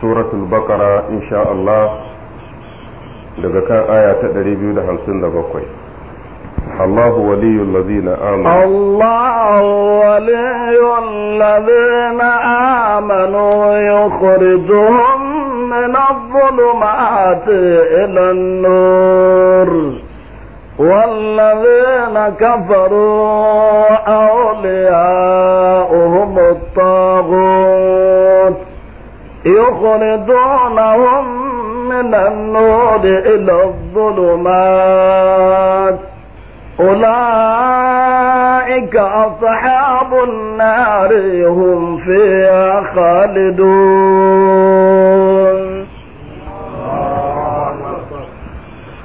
سورة البقرة إن شاء الله Allah آية kan لها ta بقوي الله ولي الذين آمنوا الله ولي الذين آمنوا يخرجهم من الظلمات إلى النور والذين كفروا أولياؤهم الطاغوت يخرجونهم من النور إلى الظلمات أولئك أصحاب النار هم فيها خالدون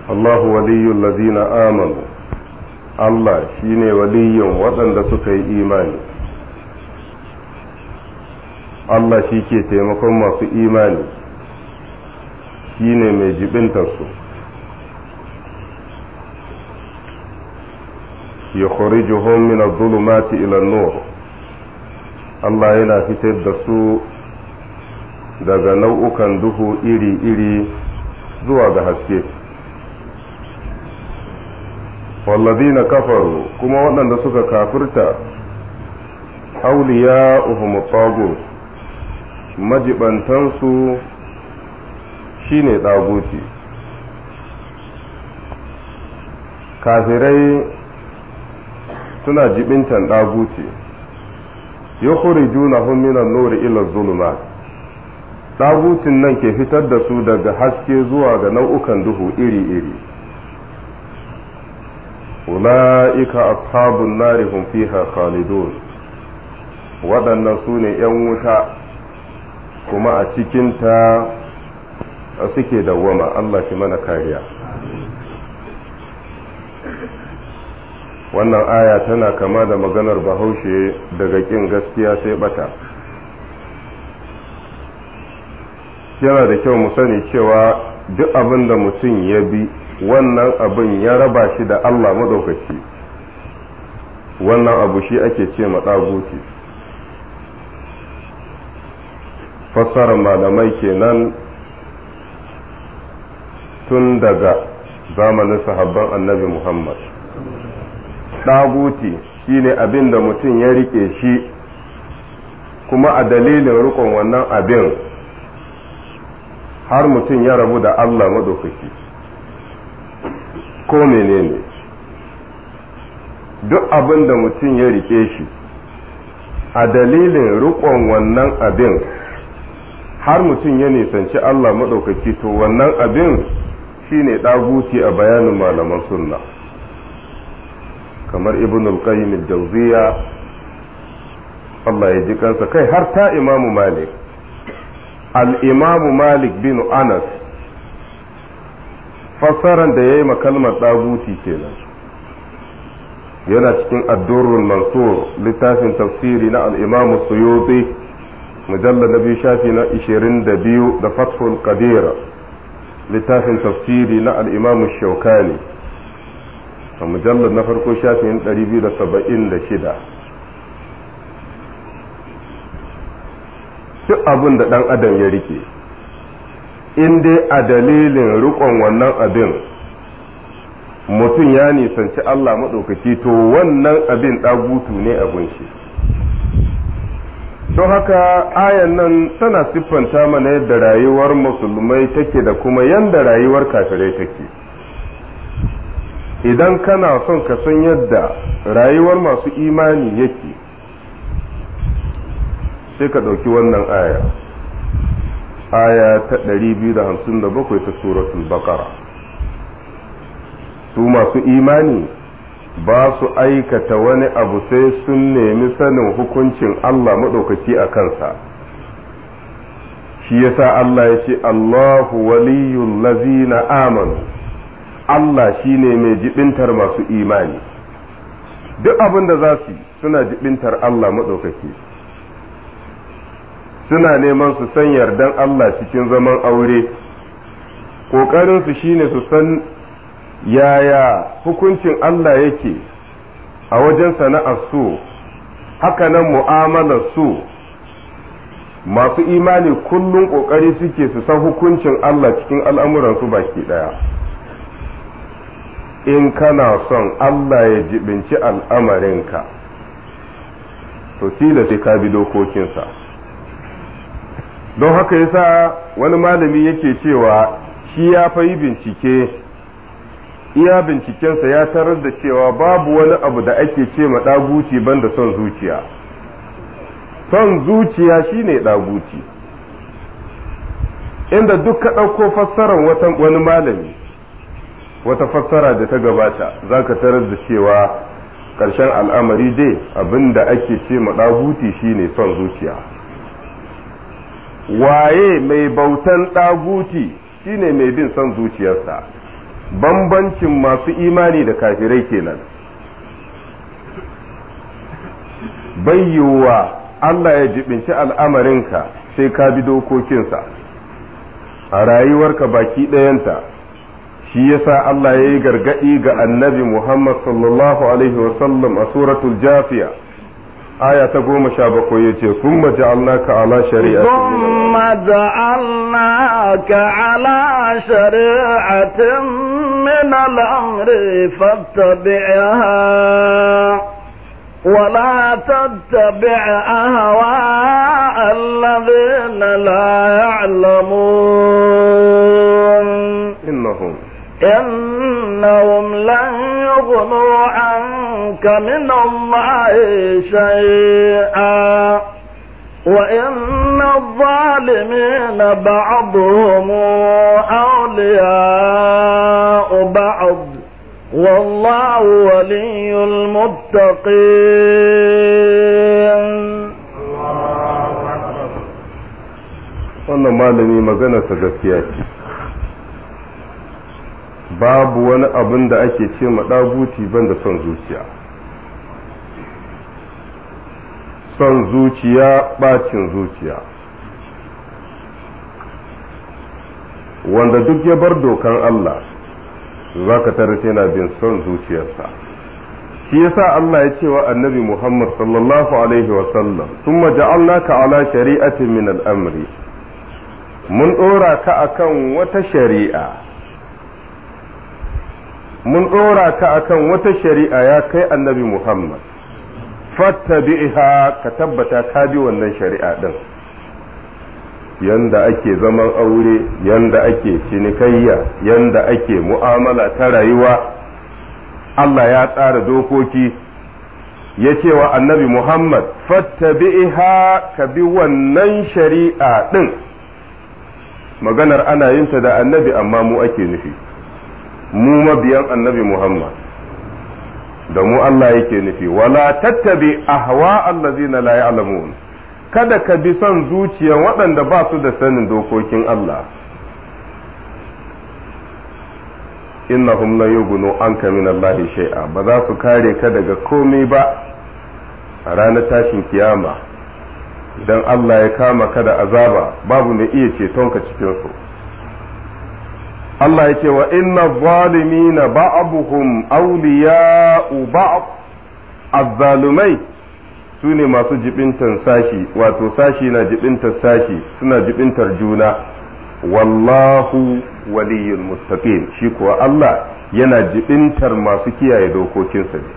الله ولي الذين آمنوا الله شيني ولي وطن لسكي إيماني Allah shi ke taimakon masu imani shi ne mai jibintarsu ya kori min zulumati ila nuwa. Allah yana fitar da su daga nau'ukan duhu iri-iri zuwa ga haske na kafaru kuma waɗanda suka kafirta auliya uhumu tagut majibantansu shine ɗaguti kafirai suna jibintan ɗaguti juna hominan nori ila zuluma ɗagutin nan ke fitar da su daga haske zuwa ga nau'ukan duhu iri-iri ula'ika ashabun narihun fiha khalidun waɗannan su ne ‘yan wuta kuma a cikinta suke dawwama Allah shi mana kariya wannan aya tana kama da maganar bahaushe daga ƙin gaskiya sai bata yana da kyau mu sani cewa duk abin da mutum ya bi wannan abin ya raba shi da Allah madaukaki wannan abu shi ake ce matsaguti fassarar malamai kenan tun daga zamanin sahabban annabi Muhammad. Ɗaguti shine abin da mutum ya rike shi kuma a dalilin rikon wannan abin har mutum ya rabu da Allah madaukaki ko menene duk abin da mutum ya rike shi a dalilin riƙon wannan abin har mutum ya nisanci Allah maɗaukaki to wannan abin shine ɗaguci a bayanin malaman sunna kamar ibn al-qayyim al-jawziya Allah ya ji kansa kai har ta imamu malik al-imamu malik bin anas fassaran da ya yi makalmar ɗaguci kenan yana cikin addurrul mansur littafin tafsiri na al-imamu suyuti مجلد na biyu shafi na ishirin da biyu da fathul الإمام littafin tafsiri na al'imamu shaukani a mujallar na farko biyu da saba'in da shida duk abin da ɗan adam ya rike in dai a dalilin riƙon wannan abin mutum ya nisanci Allah maɗaukaki to wannan abin ɗagutu ne abin shi don haka ayan nan tana siffanta mana yadda rayuwar musulmai take da kuma yadda rayuwar kafirai take idan kana son ka san yadda rayuwar masu imani yake sai ka ɗauki wannan aya aya ta 257 ta suratul baqara su masu imani ba su aikata wani abu sai sun nemi sanin hukuncin Allah maɗaukaki a kansa shi yasa Allah ya ce Allahu waliyyul lazina amanu Allah shi ne mai jibintar masu imani duk abin da za su yi suna jibintar Allah maɗaukaki suna neman su san yardan Allah cikin zaman aure ƙoƙarinsu shine su san yaya hukuncin Allah yake a wajen sana'ar su haka nan mu'amalar su masu imani kullum ƙoƙari suke su san hukuncin Allah cikin al'amuransu baki ɗaya in kana son Allah ya jibinci al'amarinka to tila sai ka bi dokokinsa don haka yasa wani malami yake cewa shi ya fa yi bincike iya bincikensa ya tarar da cewa babu wani abu da ake ce ma ɗaguci da son zuciya son zuciya shi ne ɗaguci inda duk ka ɗauko fassarar wani malami wata fassara da ta gabata za ka tarar da cewa ƙarshen al'amari dai abin da ake ce ma ɗaguci ne son zuciya waye mai bautan shi ne mai bin son zuciyarsa bambancin masu imani da kafirai kenan bayyowa Allah ya jibinci al'amarinka sai ka bi dokokinsa a rayuwarka baki ɗayanta shi yasa Allah ya yi gargaɗi ga annabi Muhammad sallallahu Alaihi wasallam a suratul jafiya آية تقوم شابك ويتي ثم جعلناك على شريعة ثم جعلناك على شريعة من الأمر فاتبعها ولا تتبع أهواء الذين لا يعلمون إنهم إنهم لن يغنوا عنك من الله شيئا وإن الظالمين بعضهم أولياء بعض والله ولي المتقين wannan malami maganarsa gaskiya ce babu wani abin da ake ce ma ɗaguti ban da son zuciya son zuciya ɓacin zuciya wanda duk ya bar dokan Allah za ka tarar yana bin son zuciyarsa shi yasa Allah ya ce wa annabi Muhammad sallallahu alaihi wasallam sun ka ala shari'atin min al'amri mun ɗora ka akan wata shari'a mun ɗora ka akan wata shari'a ya kai annabi Muhammad fatta biha ka tabbata ka bi wannan shari'a din yanda ake zaman aure yanda ake cinikayya yanda ake mu'amala ta rayuwa Allah ya tsara dokoki ya ce wa annabi Muhammad fatta biha ka bi wannan shari'a din maganar ana yin ta da annabi amma mu ake nufi mu mabiyan annabi Muhammad da mu Allah yake nufi wala tattabi ahwa allazina la ya'lamun kada ka bi son zuciyar waɗanda ba su da sanin dokokin Allah innahum la yughnu anka min Allah shay'a ba za su kare ka daga komai ba a ranar tashin kiyama idan Allah ya kama ka da azaba babu mai iya ceton ka cikin su Allah ya ce wa inna zalimina ba'abuhum awliya ba'd azzalumai su ne masu jibintar sashi wato sashi na jibintar sashi suna jibintar juna wallahu waliyul muttaqin shi kuwa Allah yana jibintar masu kiyaye dokokinsa ne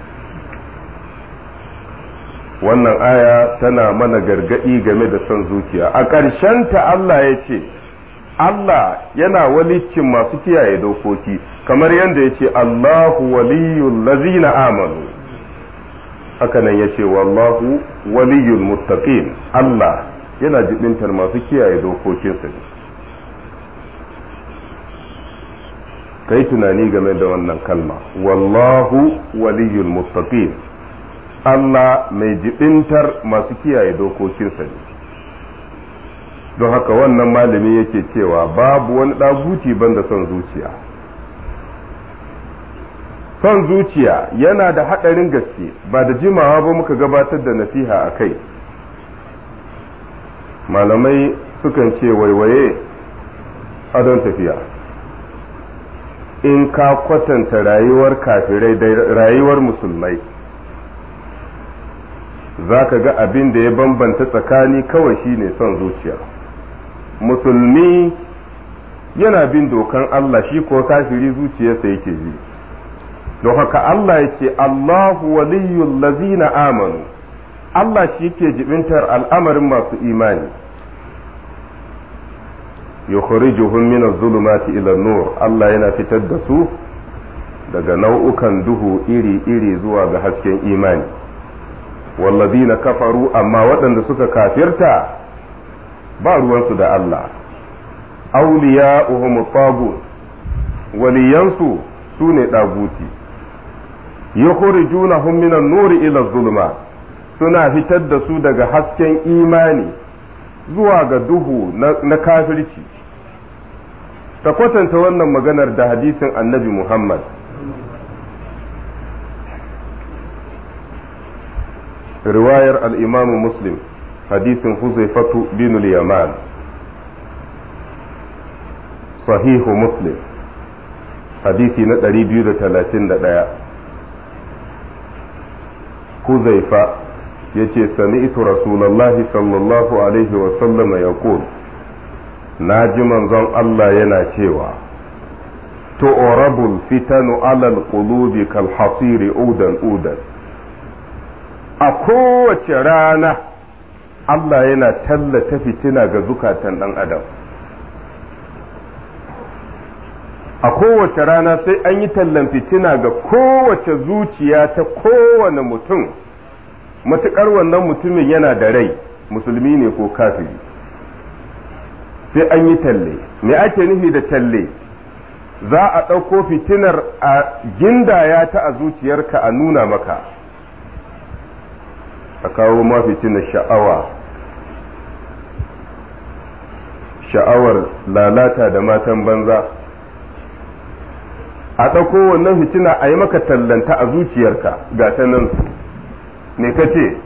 wannan aya tana mana gargadi game da son zuciya a ƙarshen ta Allah ya ce Allah yana walicin masu kiyaye dokoki kamar yadda ya ce Allahu waliyul lazina amanu haka nan ya ce wallahu waliyul muttaqin Allah yana jibintar masu kiyaye dokokinsa ne kai tunani game da wannan kalma wallahu waliyul muttaqin Allah mai jibintar masu kiyaye dokokinsa ne don haka wannan malami yake cewa babu wani ɗaguti banda son zuciya son zuciya yana da haɗarin gaske ba da jimawa ba muka gabatar da nasiha a kai malamai sukan ce waiwaye a don tafiya in ka kwatanta rayuwar kafirai da rayuwar musulmai za ka ga abin da ya bambanta tsakani kawai shine son zuciya musulmi yana bin dokan Allah shi ko kafiri zuciyarsa yake ji don haka Allah yake Allahu waliyyul lazina amanu Allah shi ke jibintar al'amarin masu imani yukhrijuhum min adh-dhulumati ila nur Allah yana fitar da su daga nau'ukan duhu iri-iri zuwa ga hasken imani wallazina kafaru amma waɗanda suka kafirta ba ruwansu da Allah auliya uhumu tagut waliyansu su ne ɗaguti yukhrijunahum minan nuri ila zulma suna fitar da su daga hasken imani zuwa ga duhu na kafirci ta kwatanta wannan maganar da hadisin annabi Muhammad riwayar al-Imam Muslim hadisin huzaifatu binul yaman sahihu muslim hadisi na ɗari 231 huzaifa ya ce sami'tu rasulallahi sallallahu alaihi wasallama ya na ji manzon Allah yana cewa tu'rabul fitanu alal ƙulubi kal hasiri udan udan a kowace rana Allah yana tallata fitina ga zukatan ɗan adam a kowace rana sai an yi tallan fitina ga kowace zuciya ta kowane mutum matuƙar wannan mutumin yana da rai musulmi ne ko kafiri sai an yi talle me ake nufi da talle za a ɗauko fitinar a gindaya ta a zuciyarka a nuna maka a kawo ma fitinar sha'awa sha'awar lalata da matan banza a ɗauko wannan fitina a yi maka tallanta a zuciyarka ga ta nan me ka ce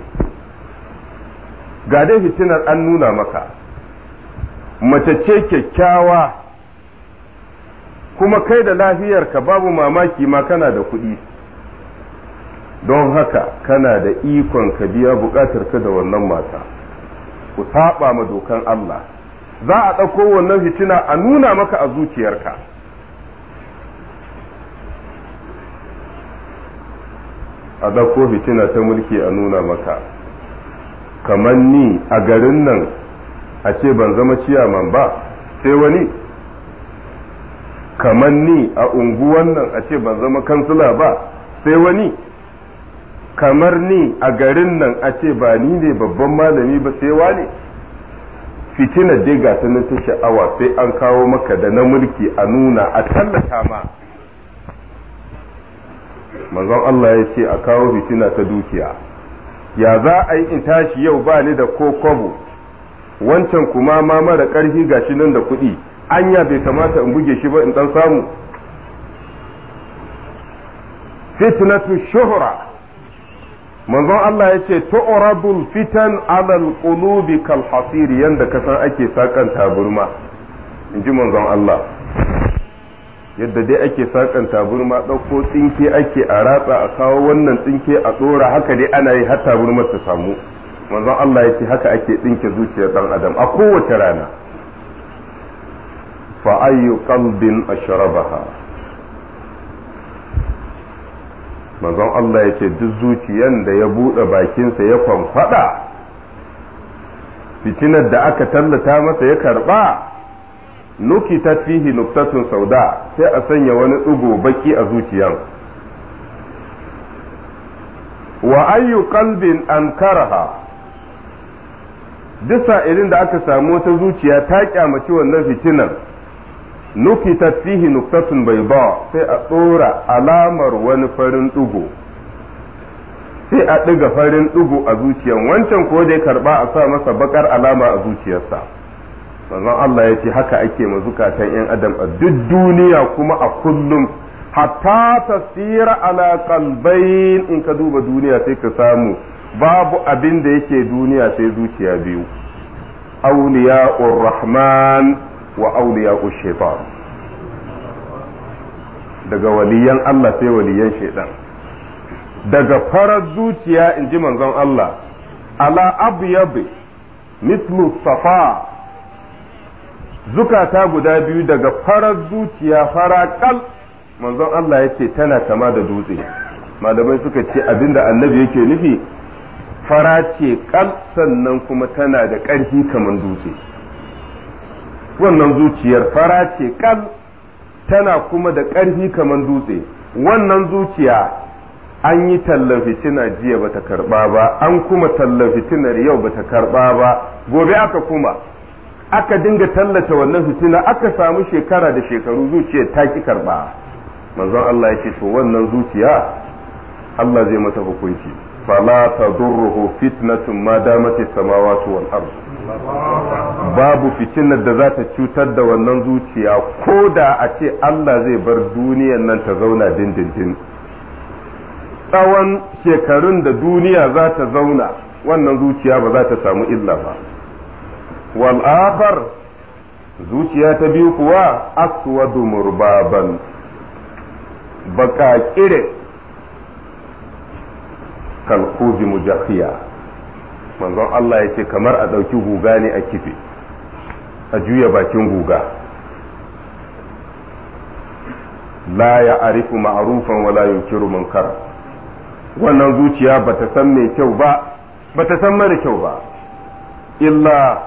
ga dai fitinar an nuna maka mace ce kyakkyawa kuma kai da lafiyarka babu mamaki ma kana da kuɗi don haka kana da ikon ka biya ka da wannan mata ku saba ma dokan Allah za a ɗauko wannan fitina a nuna maka a zuciyarka a ɗauko fitina ta mulki a nuna maka kamar ni a garin nan a ce ban zama ciyaman ba sai wani kamar ni a unguwan nan a ce ban zama kansila ba sai wani kamar ni a garin nan a ce ba ni ne babban malami ba sai wani ne fitina dai ga ta ta sha'awa sai an kawo maka da na mulki a nuna a tallata ma manzon Allah ya ce a kawo fitina ta dukiya ya za a yi in tashi yau ba ni da ko kwabo wancan kuma ma mara ƙarfi shi nan da kuɗi anya bai kamata in buge shi ba in ɗan samu fitnatu shuhura manzon Allah ya ce tu'radul fitan alal qulubi kal hasir yanda ka san ake sakan taburma manzon Allah yadda dai ake sakan taburma ɗauko tsinke ake a ratsa a kawo wannan tsinke a tsora haka dai ana yi har taburmar ta samu manzon Allah ya ce haka ake tsinke zuciyar dan adam a kowace rana fa ayyu qalbin ashrabaha manzon Allah ya ce duk zuciyan da ya buɗe bakinsa ya kwamfada fitinar da aka tallata masa ya karɓa ta fihi nuktatun sauda sai a sanya wani ɗigo baki a zuciyan wa ayyu qalbin ankaraha duk sa'irin da aka samu wata zuciya ta kyamaci wannan fitinar nukitat fihi nuktatun bai ba sai a tsora alamar wani farin ɗigo sai a ɗiga farin ɗigo a zuciyar wancan ko dai karba a sa masa bakar alama a zuciyarsa sannan Allah ya ce haka ake ma zukatan yan adam a duk duniya kuma a kullum hatta tasira ala qalbayn in ka duba duniya sai ka samu babu abin da yake duniya sai zuciya biyu awliya'ur rahman wa auliya shaitan daga waliyan Allah sai waliyan shaitan daga farar zuciya in ji manzon Allah ala abyabi mislu safa zukata guda biyu daga farar zuciya fara manzon Allah ya ce tana kama da dutse malamai suka ce abinda annabi yake nufi fara ce kal sannan kuma tana da ƙarfi kamar dutse wannan zuciyar fara ce kal tana kuma da ƙarfi kamar dutse wannan zuciya an yi tallafi fitina jiya bata karba ba an kuma tallafi tunar yau bata karɓa ba gobe aka kuma aka dinga tallata wannan fitina aka samu shekara da shekaru zuciyar ta ki karɓa. manzon Allah ya ce to wannan zuciya Allah zai mata hukunci fala tadurruhu fitnatun ma damati samawati wal ardh babu fitinar da za ta cutar da wannan zuciya ko da a ce Allah zai bar duniyar nan ta zauna dindindin tsawon shekarun da duniya za ta zauna wannan zuciya ba za ta samu illa ba wal'afar zuciya ta biyu kuwa aswadu murbaban baka kire kalkuzi mujahiya manzon Allah ya ce kamar a ɗauki guga ne a kife a juya bakin guga la ya arifu ma'arufan wala yunkiru munkar wannan zuciya bata san mai kyau ba bata san mara kyau ba illa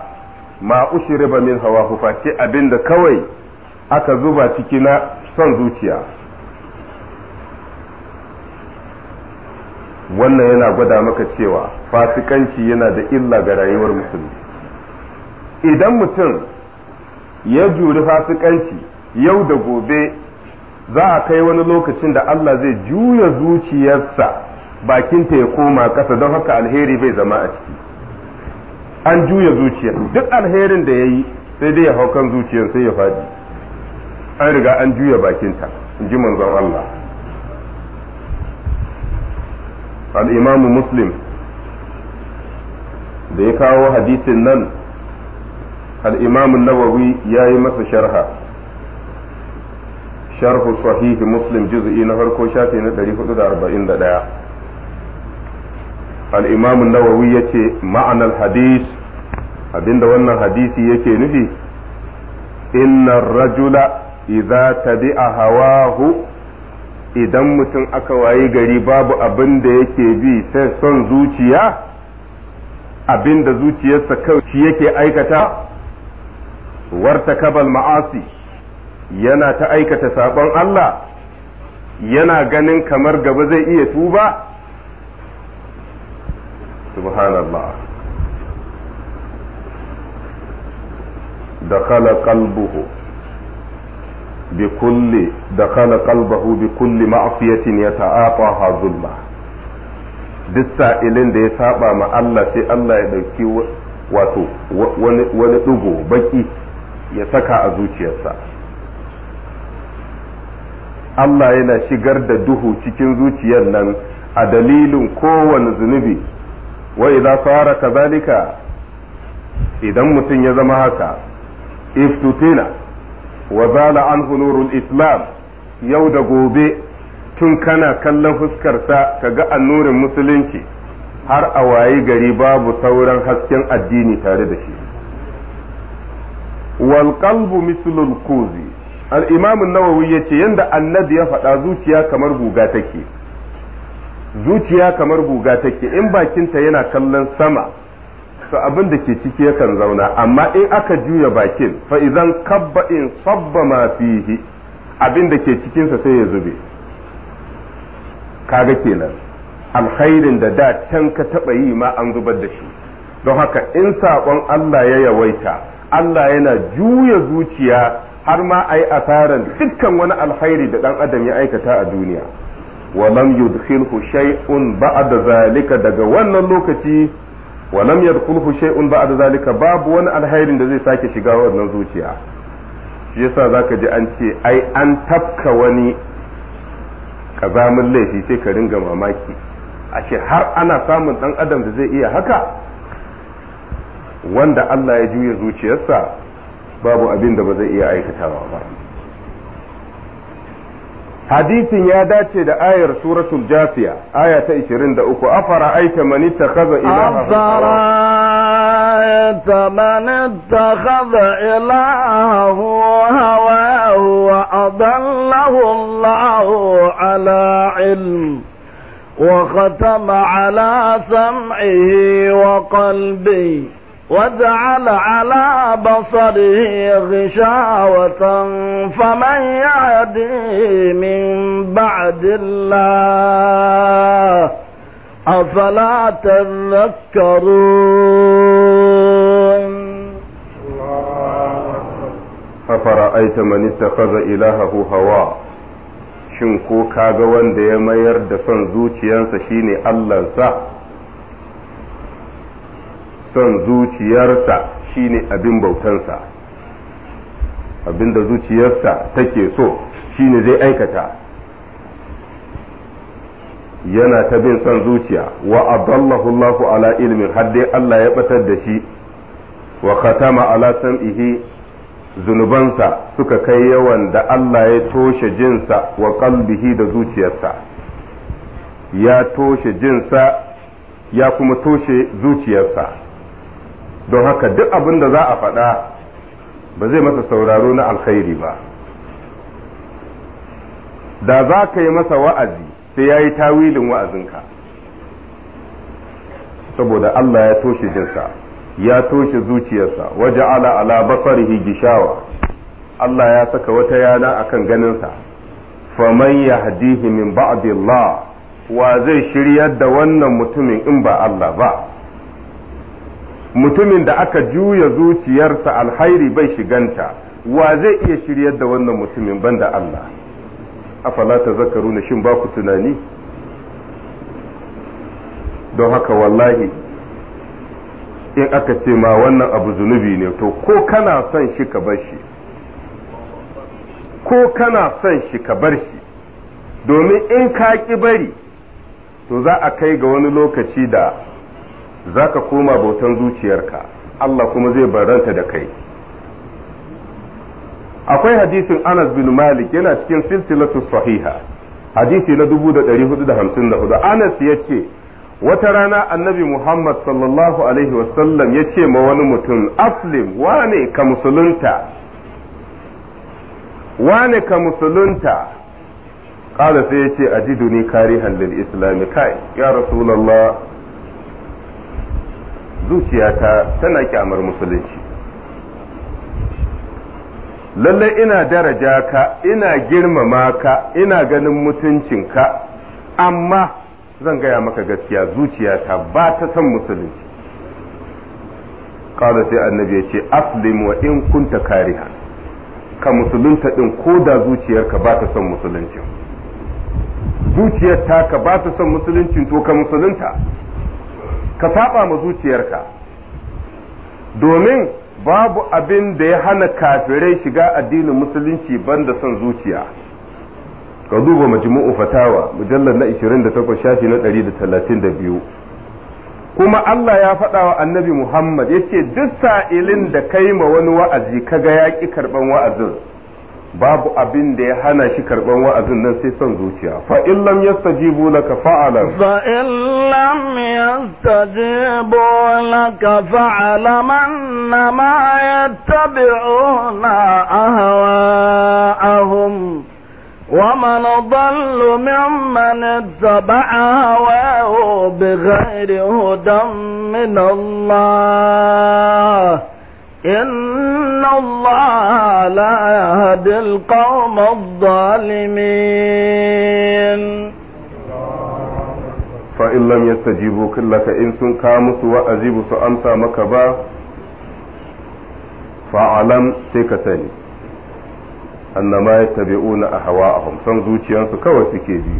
ma ushriba min hawa ce abinda kawai aka zuba ciki na son zuciya wannan yana gwada maka cewa fasikanci yana da illa ga rayuwar musulmi idan mutum ya juri fasikanci yau da gobe za a kai wani lokacin da Allah zai juya zuciyarsa bakinta ya koma ƙasa don haka alheri bai zama a ciki an juya zuciya duk alherin da ya yi sai dai ya hau kan zuciyar sai ya faɗi an riga an juya bakinta in ji manzon Allah al-imamu muslim da ya kawo hadisin nan al-imam an-nawawi yayi masa sharha sharhu sahih muslim juz'i na farko shafi na 441 al-imam an-nawawi yace ma'anar hadith abinda wannan hadisi yake nufi inna rajula idza tabi'a hawahu idan mutum aka wayi gari babu abinda da yake bi sai son zuciya abin zuciyarsa kawai shi yake aikata wartakaba ma'asi yana ta aikata sabon Allah yana ganin kamar gaba zai iya tuba subhanallah bi qalbuhu بكل دخل قلبه بكل معصية يتعاطاها ظلما duk sa'ilin da ya saba ma Allah sai Allah ya ɗauki wato wani ɗugo baki ya saka a zuciyarsa Allah yana shigar da duhu cikin zuciyar nan a dalilin kowane zunubi wa idza sara kazalika idan mutum ya zama haka iftutina wa zala anhu nurul islam yau da gobe tun kana kallon fuskarsa ka ga annurin musulunci har a wayi gari babu sauran hasken addini tare da shi wal qalbu mislul kuzi al-imam an-nawawi yace yanda annabi ya faɗa zuciya kamar guga take zuciya kamar guga take in bakinta yana kallon sama to abin da ke ciki yakan zauna amma in aka juya bakin fa idan kabba in sabba ma fihi abin da ke cikinsa sai ya zube kaga kenan alkhairin da da can ka taɓa yi ma an zubar da shi don haka in saƙon Allah ya yawaita Allah yana juya zuciya har ma a yi asaran dukkan wani alkhairi da ɗan adam ya aikata a duniya walam yudkhilhu shay'un ba'da zalika daga wannan lokaci walam yadkhulhu shay'un ba'da zalika babu wani alkhairin da zai sake shiga wannan zuciya shi yasa zaka ji an ce ai an tafka wani kazamin laifi sai ka ringa mamaki ashe har ana samun dan adam da zai iya haka wanda Allah ya juya zuciyarsa babu abin da ba zai iya aikatawa ba hadisin ya dace da ayar suratul jafiya aya ta 23 afara aita man ittakhadha ilaha afara aita man ittakhadha ilahahu hawahu wa adallahu Allahu ala ilm وختم على wa وقلبه واجعل على بصره غشاوة فمن يهدي من بعد الله أفلا تذكرون أفرأيت من اتخذ إلهه هواه shin ko kaga wanda ya mayar da son zuciyarsa son zuciyarsa shine abin bautansa abin da zuciyarsa take so shine zai aikata yana ta bin son zuciya wa abdallahu Allahu ala ilmin har Allah ya batar da shi wa khatama ala sam'ihi zunubansa suka kai yawan da Allah ya toshe jinsa wa qalbihi da zuciyarsa ya toshe jinsa ya kuma toshe zuciyarsa don haka duk abin da za a faɗa ba zai masa sauraro na alkhairi ba da za ka yi masa wa'azi sai ya yi tawilin wa'azinka saboda Allah ya toshe jinsa ya toshe zuciyarsa waje ala ala basarihi gishawa Allah ya saka wata yana kan ganinsa faman yahdihi min ba'dillah wa zai shiryar da wannan mutumin in ba Allah ba mutumin da aka juya zuciyarsa alhairi bai shiganta wa zai iya shiryar da wannan mutumin banda Allah afala na shin ba ku tunani don haka wallahi in aka ce ma wannan abu zunubi ne to ko kana son shi ka bar shi ko kana son shi ka bar shi domin in ka ki bari to za a kai ga wani lokaci da za ka koma bautan zuciyarka Allah kuma zai baranta da kai akwai hadisin Anas bin Malik yana cikin silsilatu sahiha hadisi na 1454 Anas ya ce wata rana annabi Muhammad sallallahu alaihi wasallam ce ma wani mutum aflim wane ka musulunta wane ka musulunta a ji duni kari للإسلام islami kai, ya rasulallah. zuciyata tana kyamar musulunci lallai ina daraja ka ina girmama ka ina ganin mutuncinka amma zan gaya maka gaskiya zuciyata ba ta son musulunci kawai sai annabi ya ce aslim wa in kunta kariha ka musulunta din ko da zuciyarka ba ta son musulunci zuciyar ka ba ta son musulunci to ka musulunta ka saba ma zuciyarka domin babu abin da ya hana kafirai shiga addinin musulunci banda son zuciya ka duba majmu'u fatawa mujallar na 28 shafi na 132 kuma Allah ya faɗa wa annabi Muhammad ya ce duk sa'ilin da kai ma wani wa'azi kaga ya ƙi karɓan wa'azin babu abin da ya hana shi karban wa'azin nan sai son zuciya fa in lam yastajibu laka fa'ala fa in lam yastajibu laka man ma yattabi'una ahwa'ahum ومن ضل ممن اتبع هواه بغير هدى من الله إن الله لا يهدي القوم الظالمين فإن لم يستجيبوا لك إن سنكامس وأجيب سأمسى مكبا فأعلم سيكتني أنما يتبعون أهواءهم سنزوتي أنسو كوي سكيبي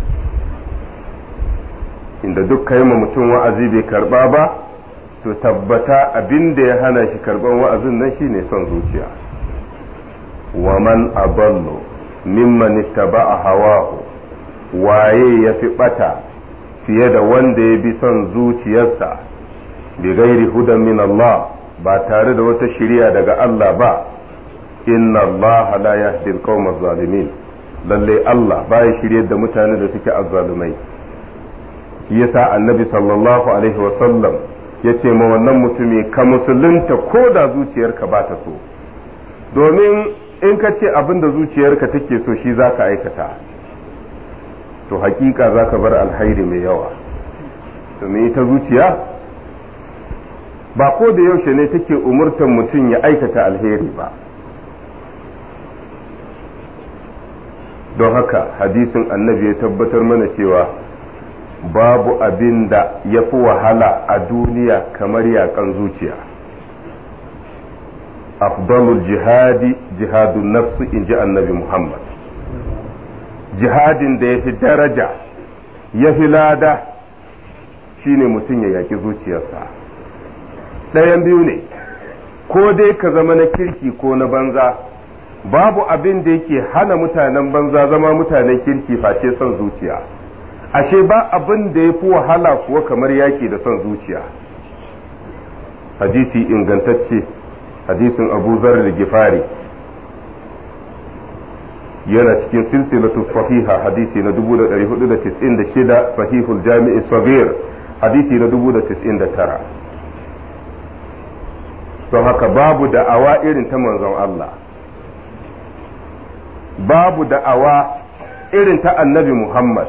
إن دك كيما متون وأجيب كربابا to tabbata abin da ya hana shi karban wa'azin nan shine son zuciya wa man aballu mimman ittaba'a hawahu waye ya fi bata fiye da wanda ya bi son zuciyarsa bi gairi hudan min Allah ba tare da wata shiriya daga Allah ba inna Allah la yahdi al-qawma zalimin lalle Allah baya shiryar da mutane da suke azzalumai yasa annabi sallallahu alaihi wa sallam ya ce ma wannan mutumi ka musulunta ko da zuciyarka ba ta so domin in ka ce abin da zuciyarka take so shi za ka aikata to hakika za ka bar alhairi mai yawa domin ita zuciya ba ko da yaushe ne take umurtar mutum ya aikata alheri ba don haka hadisin annabi ya tabbatar mana cewa babu abin da ya fi wahala a duniya kamar yaƙan zuciya afdalul jihadi jihadun nafsu in ji annabi muhammad jihadin da ya fi daraja ya fi lada shine mutum ya yaƙi zuciyarsa ɗayan biyu ne ko dai ka zama na kirki ko na banza babu abin da yake hana mutanen banza zama mutanen kirki face son zuciya ashe ba abin da ya fi wahala kuwa kamar yaki da son zuciya hadisi ingantacce hadisin abu da gifari yana cikin silsilatu sahiha hadisi na 1496 sahihul jami'i sabir hadisi na 499 don haka babu da'awa irin ta manzon Allah babu da'awa irin ta annabi Muhammad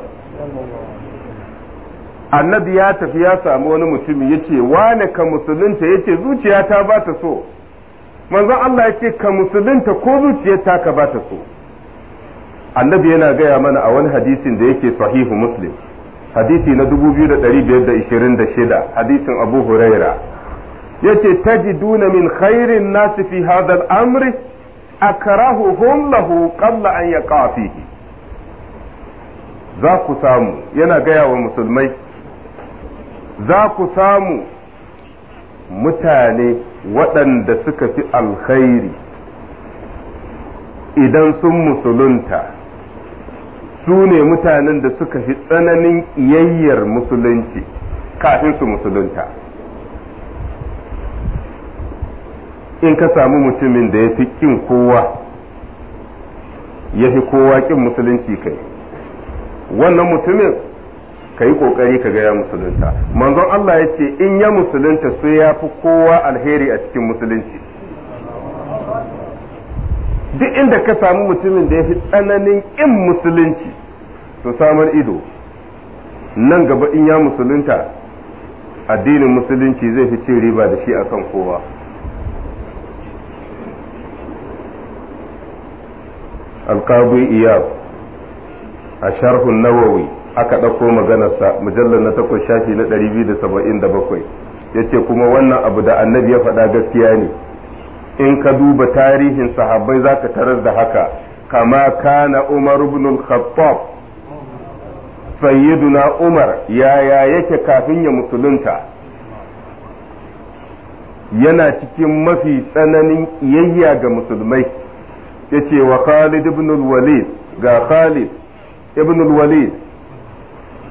annabi ya tafi ya samu wani mutumi ya ce wane ka musulunta ya ce ta ba ta so manzon Allah ya ce ka musulunta ko zuciya ta ka ba ta so annabi yana gaya mana a wani hadisin da yake sahihu muslim hadisi na 2526 hadisin abu huraira yace tajiduna min khairin nasi fi hadha al-amri akrahuhum lahu qabla an ya fihi za ku samu yana gaya wa musulmai za ku samu mutane waɗanda suka fi alkhairi idan sun musulunta su ne mutanen da suka fi tsananin iyayyar musulunci kafin su musulunta in ka samu mutumin da ya fi kin kowa ya fi kowa kin musulunci kai wannan mutumin ka yi ƙoƙari ka gaya musulunta manzon Allah ya ce in ya musulunta sai ya fi kowa alheri a cikin musulunci duk inda ka samu mutumin da ya fi tsananin in musulunci to samar ido nan gaba in ya musulunta addinin musulunci zai fi cin riba da shi a kan kowa alƙabu iyab a sharhun nawawi aka ɗauko maganarsa mujallar na takwas shafi na biyu da saba'in bakwai ya ce kuma wannan abu da annabi ya faɗa gaskiya ne in ka duba tarihin sahabbai za ka tarar da haka kama kana umar ibn al-khattab sayyiduna umar yaya yake kafin ya musulunta yana cikin mafi tsananin iyayya ga musulmai yace wa khalid ibn al-walid ga khalid ibn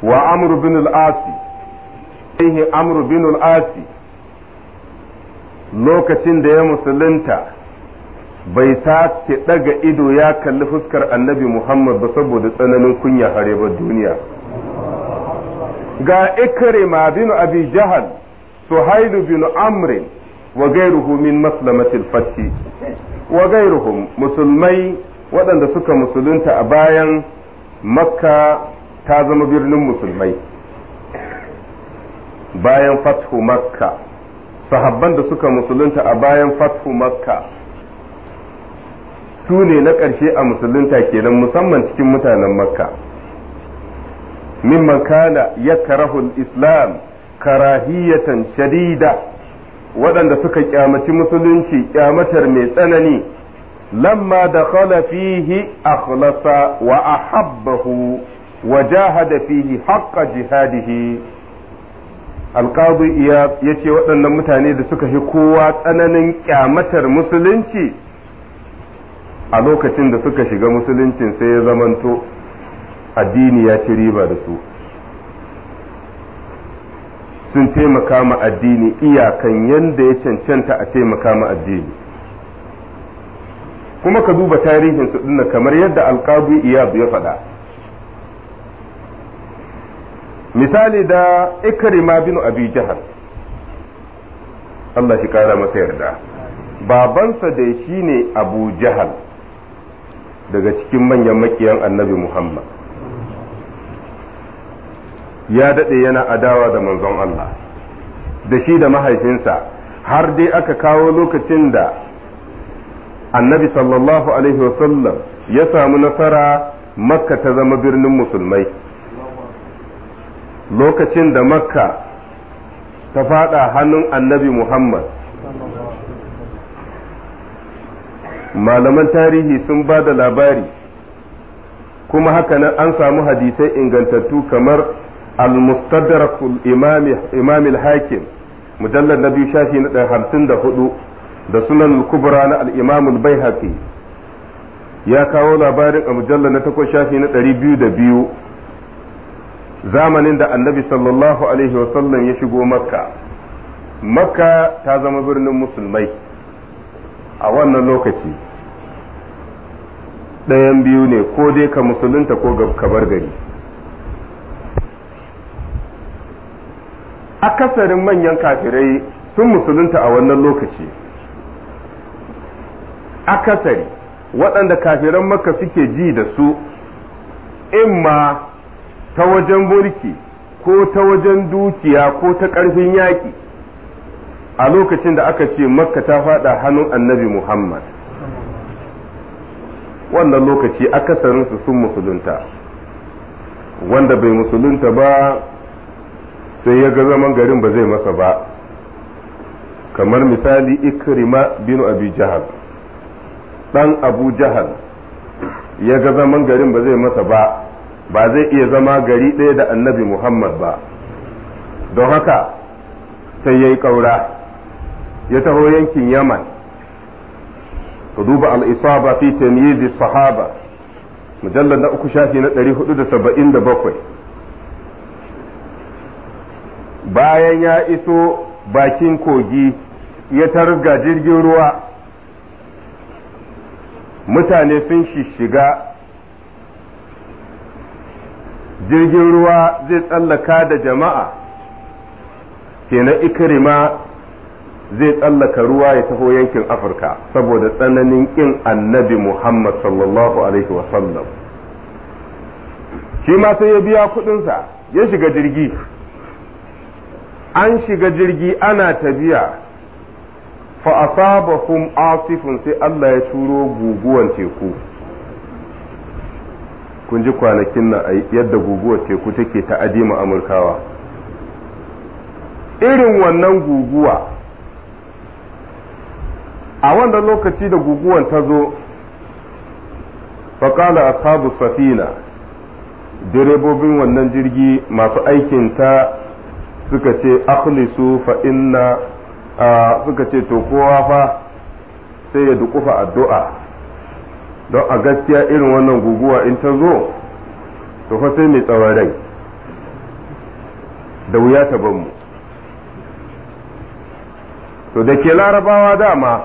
wa amr bin al-asi fihi amr al-asi lokacin da ya musulunta bai sake ɗaga ido ya kalli fuskar annabi muhammad ba saboda tsananin kunya hare ba duniya ga ikrima bin abi jahal suhailu bin amrin wa gairuhu min maslamatil fatti wa gairuhum musulmai waɗanda suka musulunta a bayan makka ta zama birnin musulmai bayan fathu makka sahabban da suka musulunta a bayan fathu makka su ne na ƙarshe a musulunta kenan musamman cikin mutanen makka mimman kana ya karahul islam karahiyatan shadida waɗanda suka kyamaci musulunci kyamatar mai tsanani لما دخل فيه wa وأحبه وجاهد fihi haƙa jihadihi. alƙadu iya ce waɗannan mutane da suka fi kowa tsananin ƙyamatar musulunci a lokacin da suka shiga musuluncin sai ya zamanto addini ya ci riba da su sun taimaka ma addini iyakan yadda ya cancanta a taimaka ma addini kuma ka duba tarihin su dinna kamar yadda alqabi iyab ya faɗa misali da ikrima bin abi jahal Allah shi kara masa yarda babansa da shi ne abu jahal daga cikin manyan makiyan annabi muhammad ya daɗe yana adawa da manzon Allah da shi da mahaifinsa har dai aka kawo lokacin da annabi sallallahu alaihi wasallam ya samu nasara makka ta zama birnin musulmai lokacin da makka ta fada hannun annabi muhammad malaman tarihi sun ba da labari kuma hakanan an samu hadisai ingantattu kamar al-mustadrakul imam hakim mujallar na biyu 54 da sunan kubra na al-imam al ya kawo labarin a mujallar na takwas shafi na ɗari biyu da biyu zamanin da annabi sallallahu alaihi wasallam ya shigo makka makka ta zama birnin musulmai a wannan lokaci ɗayan biyu ne ko dai ka musulunta ko ka bar gari akasarin manyan kafirai sun musulunta a wannan lokaci akasari waɗanda kafiran maka suke ji da su imma ta wajen burki ko ta wajen dukiya ko ta ƙarfin yaƙi a lokacin da aka ce maka ta faɗa hannun annabi muhammad wannan lokaci su sun musulunta wanda bai musulunta ba sai ya ga zaman garin ba zai masa ba kamar misali ikrima bin abi jahal ɗan abu jahal ya ga zaman garin ba zai masa ba ba zai iya zama gari ɗaya da annabi muhammad ba don haka sai ya yi ƙaura ya taho yankin yaman ka duba al'isaba fi tamyizi sahaba mujallar na uku shafi na 477 bayan ya iso bakin kogi ya targa jirgin ruwa mutane sun shiga jirgin ruwa zai tsallaka da jama'a na ikirima zai tsallaka ruwa ya taho yankin afirka saboda tsananin ƙin annabi muhammad sallallahu alaihi wasallam shi ma sai ya biya kudinsa ya shiga jirgi an shiga jirgi ana tafiya fa asabahum asifun sai Allah ya turo guguwan teku kun ji kwanakin nan yadda guguwar teku take ta adima amurkawa irin wannan guguwa a wanda lokaci da guguwan ta zo faƙala asabu safina direbobin wannan jirgi masu aikin ta suka ce akhlisu fa inna suka ce to kowa fa sai ya dukufa addu'a don a gaskiya irin wannan guguwa in ta zo to fa sai mai tsawon rai da wuya ta mu to da ke larabawa dama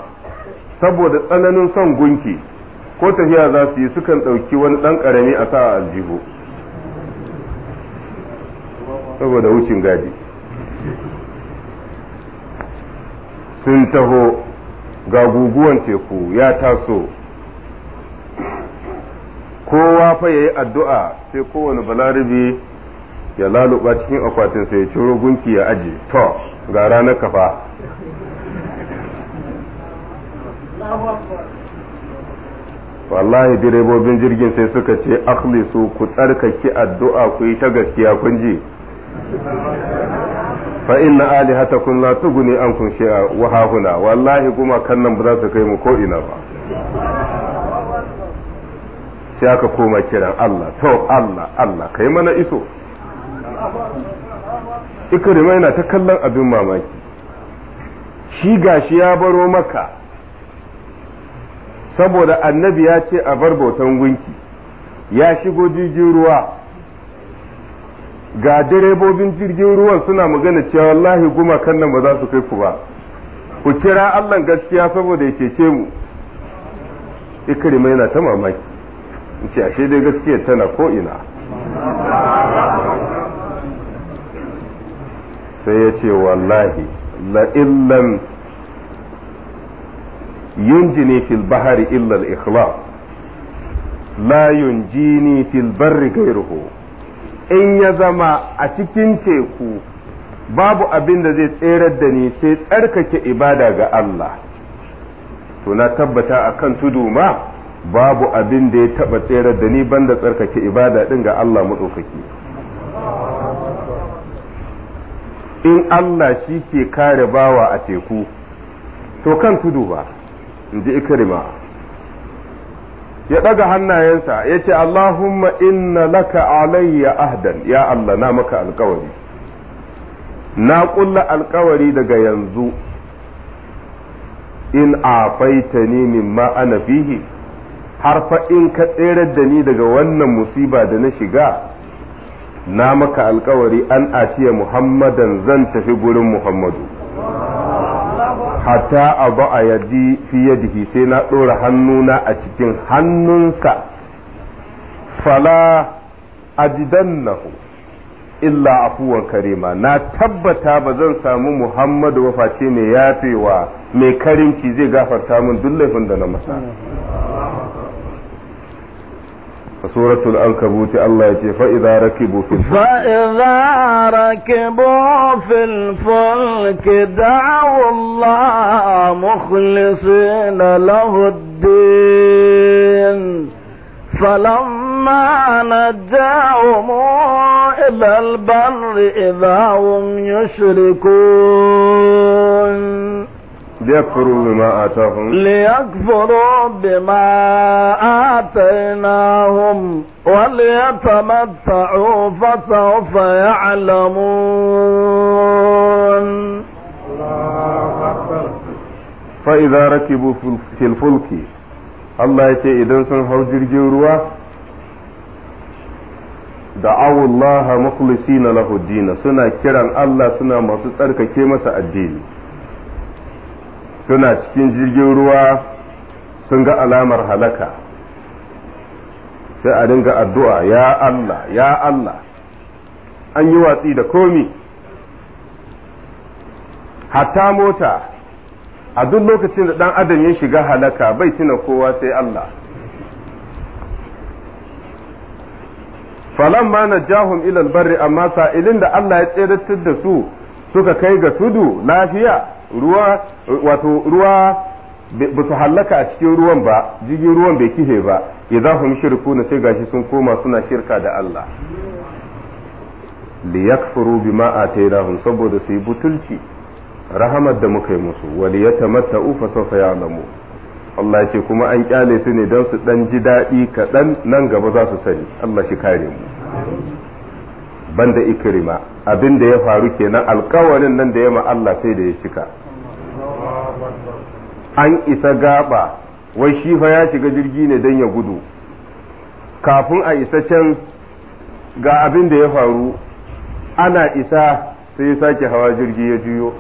saboda tsananin son gunki ko tafiya za su yi sukan ɗauki wani ɗan ƙarami a sa aljihu saboda wucin gadi sun taho ga guguwan teku ya taso kowa fa ya yi addu'a sai kowane balarabe ya laluba cikin akwatin sai ya ciro gunki ya aji to ga ranar kafa wallahi direbobin jirgin sai suka ce akhlisu ku tsarkake addu'a ku yi ta gaskiya kun ji fa inna alihatakum la tughni ankum shay'a wa hahuna wallahi kuma kannan ba za su kai mu ko ina ba sai aka koma kiran Allah to Allah Allah kai mana iso ikrima na ta kallon abin mamaki shi gashi ya baro maka saboda annabi ya ce a bar bautan gunki ya shigo jirgin ruwa ga direbobin jirgin ruwan suna magana cewa wallahi gumakan nan ba za su kai ku ba ku kira Allah gaskiya saboda ya cece mu ikrima yana ta mamaki in ce ashe dai gaskiya tana ko ina sai ya ce wallahi la illam yunjini fil bahari illa al-ikhlas la yunjini fil barri ghayruhu in ya zama a cikin teku babu abin da zai tserar da ni sai tsarkake ibada ga Allah to na tabbata akan tudu ma babu abin da ya taba tserar da ni banda tsarkake ibada din ga Allah maɗaukaki in Allah shi ke kare bawa a teku to kan tudu ba in ji ikirma ya ɗaga hannayensa ya ce Allahumma inna laka alayya ahdan ya Allah na maka alkawari na ƙulla alkawari daga yanzu in afaita ni mimma ana fihi har fa in ka tserar da ni daga wannan musiba da na shiga na maka alkawari an atiya muhammadan zan tafi gurin muhammadu hatta abu a yadi fi yadihi sai na ɗora hannuna a cikin hannunsa fala ajidannahu illa afuwan karima na tabbata ba zan samu muhammadu wafaci mai yafewa mai karimci zai gafarta min duk laifin da na masa فسورة الأنكبوت الله يتي فإذا ركبوا في الفلك فإذا ركبوا في الفلك دعوا الله مخلصين له الدين فلما نجاهم إلى البر إذا هم يشركون ليكفروا بما آتاهم ليكفروا بما آتيناهم وليتمتعوا فسوف يعلمون الله أكبر فإذا ركبوا في الفلك الله يتي إذن سنحو جرجي روا دعوا الله مخلصين له الدين سنة كرا الله سنة ما تترك كيمة الدين suna cikin jirgin ruwa sun ga alamar halaka sai a dinga addu'a ya Allah ya Allah an yi watsi da komi hatta mota a duk lokacin da ɗan adam ya shiga halaka bai tuna kowa sai Allah na jahun ilal barri amma sa'ilin da Allah ya tseratar da su suka kai ga tudu lafiya ruwa wato ruwa ba su hallaka a cikin ruwan ba jirgin ruwan bai kife ba idza shirku na sai gashi sun koma suna shirka da Allah yakfuru bima atainahum saboda su yi butulci rahamar da muka yi musu wal yatamatta fa sawfa ya'lamu Allah ce kuma an kyale su ne don su dan ji daɗi kaɗan nan gaba za su sani Allah shi kare mu banda ikirima abin da ya faru kenan alkawarin nan da ya ma Allah sai da ya cika an isa gaba wai shi fa ya shiga jirgi ne don ya gudu kafin a isa can ga abin da ya faru ana isa sai ya sake hawa jirgi ya juyo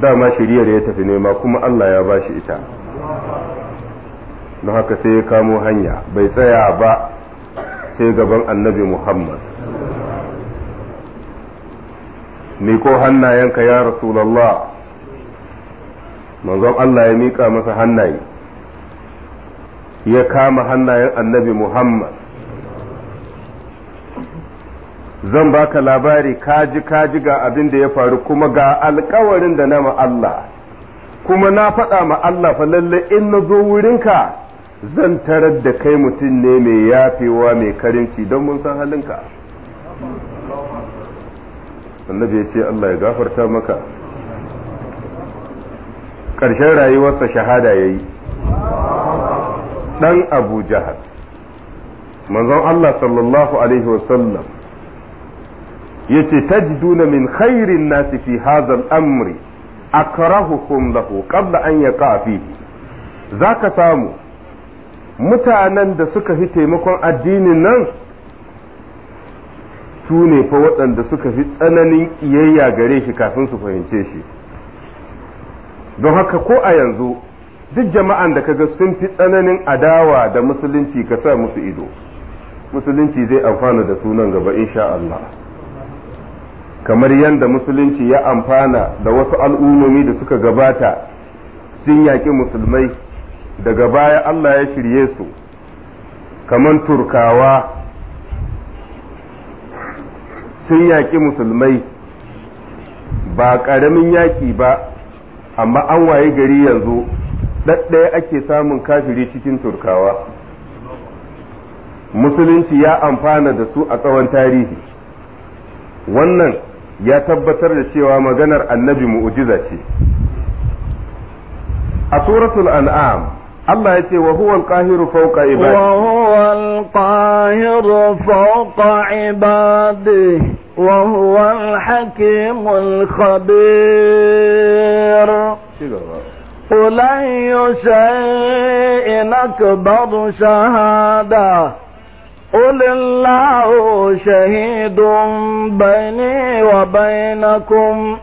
dama shiriyar ya tafi nema kuma Allah ya ba shi ita don haka sai ya kamo hanya bai tsaya ba sai gaban annabi Muhammad ni ko hannayenka ya rasulallah manzon Allah ya miƙa masa hannaye ya kama hannayen annabi Muhammad zan baka labari kaji kaji ga abin da ya faru kuma ga alkawarin da na ma Allah kuma na faɗa ma Allah fa lalle in na zo wurinka zan tarar da kai mutum ne mai yafewa mai karinci don mun san halinka annabi ya ce Allah ya gafarta maka ƙarshen rayuwarsa shahada ya yi ɗan abu jahal manzon Allah sallallahu alaihi wasallam ya ce tajiduna min khairin nasi fi hazal amri akrahukum lahu ƙabla an yaqa za zaka samu mutanen da suka fi taimakon addinin nan su ne fa waɗanda suka fi tsananin ƙiyayya gare shi kafin su fahimce shi don haka ko a yanzu duk jama'an da kaga sun fi tsananin adawa da musulunci ka sa musu ido musulunci zai amfana da sunan gaba insha Allah kamar yadda musulunci ya amfana da wasu al'ummomi da suka gabata sun yaƙi musulmai daga baya Allah ya shirye su kamar turkawa sun yaƙi musulmai ba ƙaramin yaƙi ba amma an waye gari yanzu ɗaɗɗaya ake samun kafiri cikin turkawa musulunci ya amfana da su a tsawon tarihi wannan ya tabbatar da cewa maganar annabi mu'ujiza ce a suratul an'am الله يتي وهو القاهر فوق عباده وهو القاهر فوق عباده وهو الحكيم الخبير قل أي شيء أكبر شهادة قل الله شهيد بيني وبينكم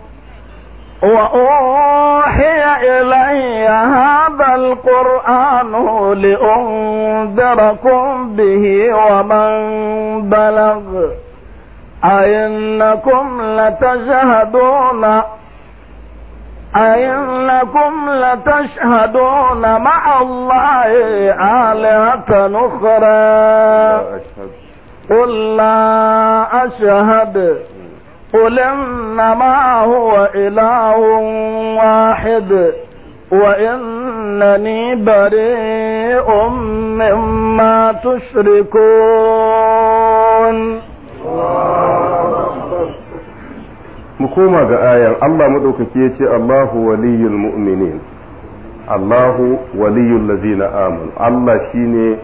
وأوحي إلي هذا القرآن لأنذركم به ومن بلغ أئنكم لتشهدون أئنكم لتشهدون مع الله آلهة أخرى قل لا أشهد قل إنما هو إله واحد وإنني بريء مما تشركون مكومة آية الله كيتي الله ولي المؤمنين الله ولي الذين آمنوا الله شيني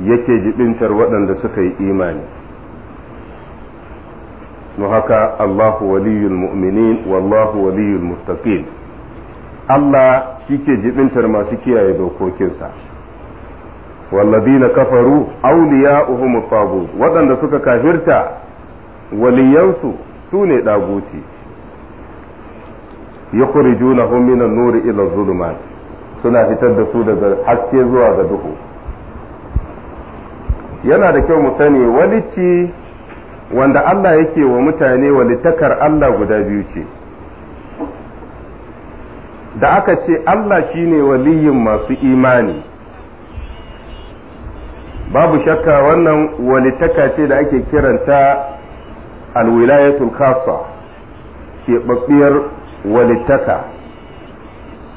يكي جبنتر ودن لسكي إيماني nu haka Allahu waliyul mu'minin wallahu waliyul mustaqim Allah shi ke jibintar masu kiyaye dokokinsa والذين كفروا أولياؤهم الطاغوت وقد سك كافرتا ولينسوا سوني داغوتي يخرجونهم من nuri إلى الظلمات suna fitar da su daga haske zuwa ga duhu yana da kyau mu sani walici wanda Allah yake wa mutane walitakar Allah guda biyu ce da aka ce Allah shine waliyin masu imani babu shakka wannan walitaka ce da ake kiranta alwilayatul khassa keɓaɓɓiyar walitaka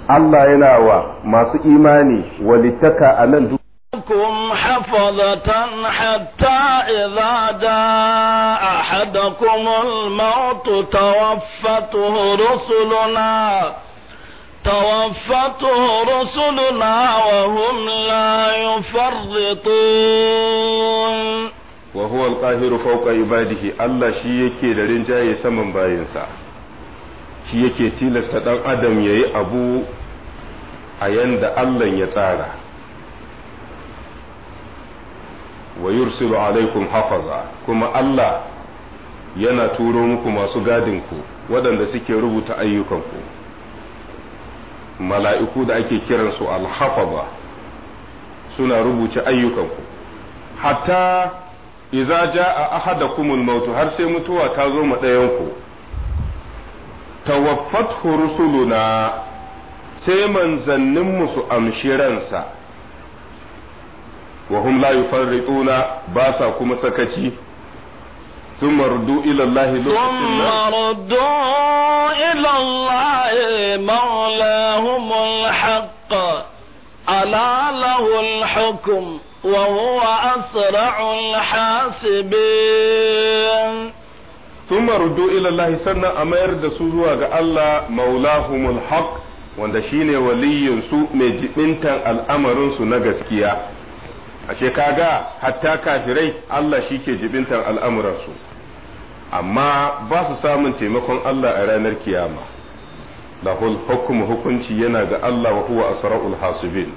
Allah yana wa masu imani walitaka a nan محافظة حتى إذا جاء أحدكم الموت توفته رسلنا توفته رسلنا وهم لا يفرطون وهو القاهر فوق عباده الله شيء yake da rinjaye باينسا bayinsa shi yake tilasta dan adam yayi abu a yanda Allah ya tsara wa yursilu alaikum hafaza kuma Allah yana turo muku masu gadin ku waɗanda suke rubuta ayyukanku mala'iku da ake kiransu alhafaza suna rubuta ayyukanku hatta iza ja'a ahadakumul mautu har sai mutuwa ta zo ma ɗayanku tawaffathu rusuluna sai manzanninmu su amshi ransa wa hum la yufarriquna ba sa kuma sakaci thumma ruddu ila llahi thumma ruddu ila llahi ma lahum alhaqq ala lahu alhukm wa huwa asra'u alhasibin thumma ruddu ila llahi sanna amir da su zuwa ga Allah maulahum alhaqq wanda shine waliyyun su mai jibintan al'amarin na gaskiya ashe kaga hatta kafirai Allah shi ke jibintar al'amuransu amma ba su samun taimakon Allah a ranar kiyama lahul hukum hukunci yana ga Allah wa huwa asra'ul hasibin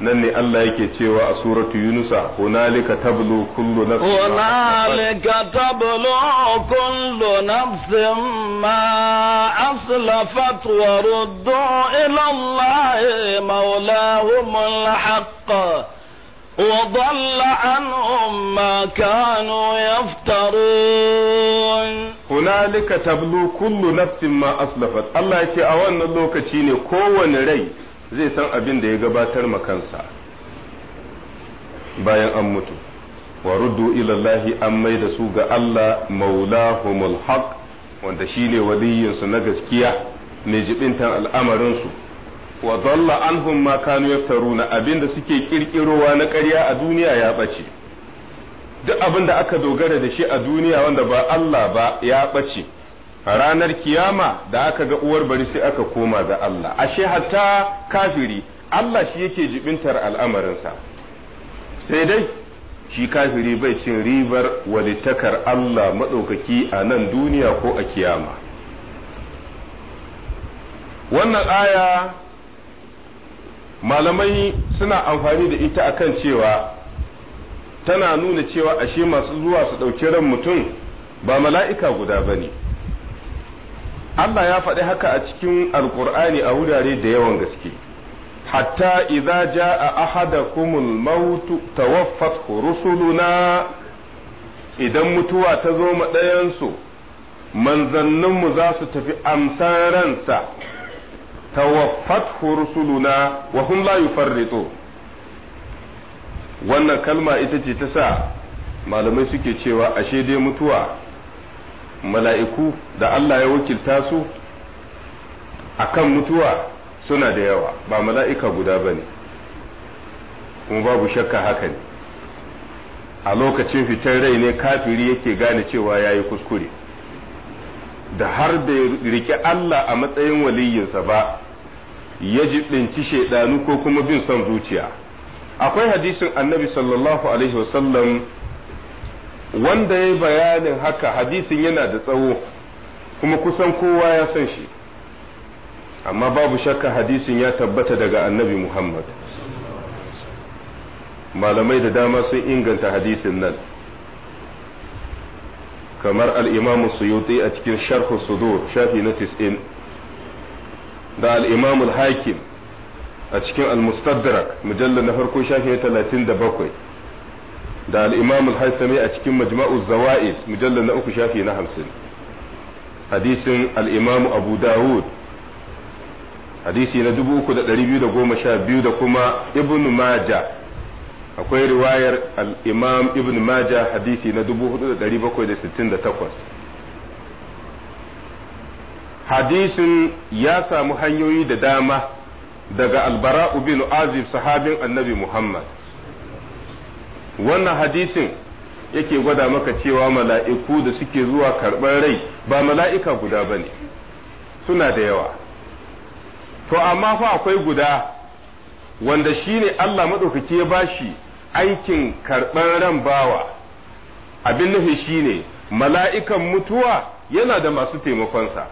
nan ne Allah yake cewa a suratu Yunusa hunalika tablu kullu nafsin hunalika tablu kullu nafsin ma aslafat wa ruddu ila Allah mawlahumul haqq وضل عنهم ما كانوا يفترون هنالك تبلو كل نفس ما أسلفت الله يتي أولنا لوكا تشيني كون ري زي سن أبين دي غباتر مكانسا bayan an mutu wa ruddu ilallahi an mai da su ga Allah maulahumul haq wanda shine waliyyinsu na gaskiya mai jibintan al'amarinsu wa dalla anhum ma kanu yaftaruna abinda suke kirkirowa na ƙarya a duniya ya bace duk abin da aka dogara da shi a duniya wanda ba Allah ba ya bace ranar kiyama da aka ga uwar bari sai aka koma ga Allah ashe hatta kafiri Allah shi yake jibintar al'amarinsa sai dai shi kafiri bai cin ribar walitakar Allah maɗaukaki a nan duniya ko a kiyama wannan aya malamai suna amfani da ita akan cewa tana nuna cewa ashe masu zuwa su ɗauki ran mutum ba mala'ika guda ba ne Allah ya faɗi haka a cikin alkur'ani a wurare da yawan gaske hatta idza jaa ahadakumul mautu tawaffat rusuluna idan mutuwa ta zo ma manzanninmu za su tafi amsan ransa tawaffathu رسلنا وهم لا la wannan kalma ita ce ta sa malamai suke cewa ashe dai mutuwa mala'iku da Allah ya wakilta su akan mutuwa suna da yawa ba mala'ika guda bane kuma babu shakka haka ne a lokacin fitar rai ne kafiri yake gane cewa ya yi kuskure da har da ya riƙe Allah a matsayin waliyinsa ba ya jibinci shaiɗanu ko kuma bin son zuciya akwai hadisin annabi sallallahu alaihi wasallam wanda ya bayanin haka hadisin yana da tsawo kuma kusan kowa ya san shi amma babu shakka hadisin ya tabbata daga annabi muhammad malamai da dama sun inganta hadisin nan kamar al'imamu suyuti a cikin sharhu sudur shafi na tis'in da al-Imam al-Hakim a cikin al-Mustadrak mujallal na farko shafi 37 da al-Imam al-Haythami a cikin Majma'u Zawaid mujallal na uku shafi na 50 hadisin al-Imam Abu Dawud hadisi na dubu uku da biyu biyu da da goma sha kuma Ibn maja akwai riwayar al'imam Ibn maja hadisi na dubu da da da bakwai sittin takwas. hadisin ya samu hanyoyi da dama daga albara azib sahabin annabi muhammad wannan hadisin yake gwada maka cewa mala'iku da suke zuwa karɓar rai ba mala'ika guda ba ne suna da yawa to amma fa akwai guda wanda shi ne allah maɗaukaki ya shi aikin karɓar ran bawa abin nufi shi ne mala'ikan mutuwa yana da masu taimakonsa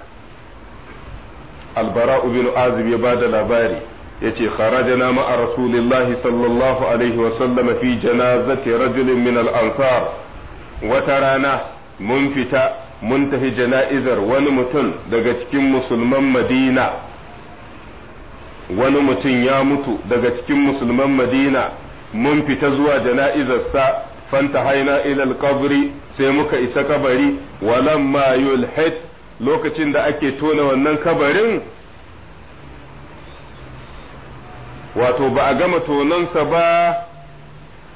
albara bin azib ya bada labari yace kharajna ma'a rasulillahi sallallahu alaihi wa sallama fi janazati rajulin min al-ansar wata rana mun fita mun tahi jana'izar wani mutum daga cikin musulman madina wani mutum ya mutu daga cikin musulman madina mun fita zuwa jana'izarsa fanta haina ilal kabri sai muka isa kabari walamma yulhit lokacin da ake tona wannan kabarin wato ba a gama tonansa ba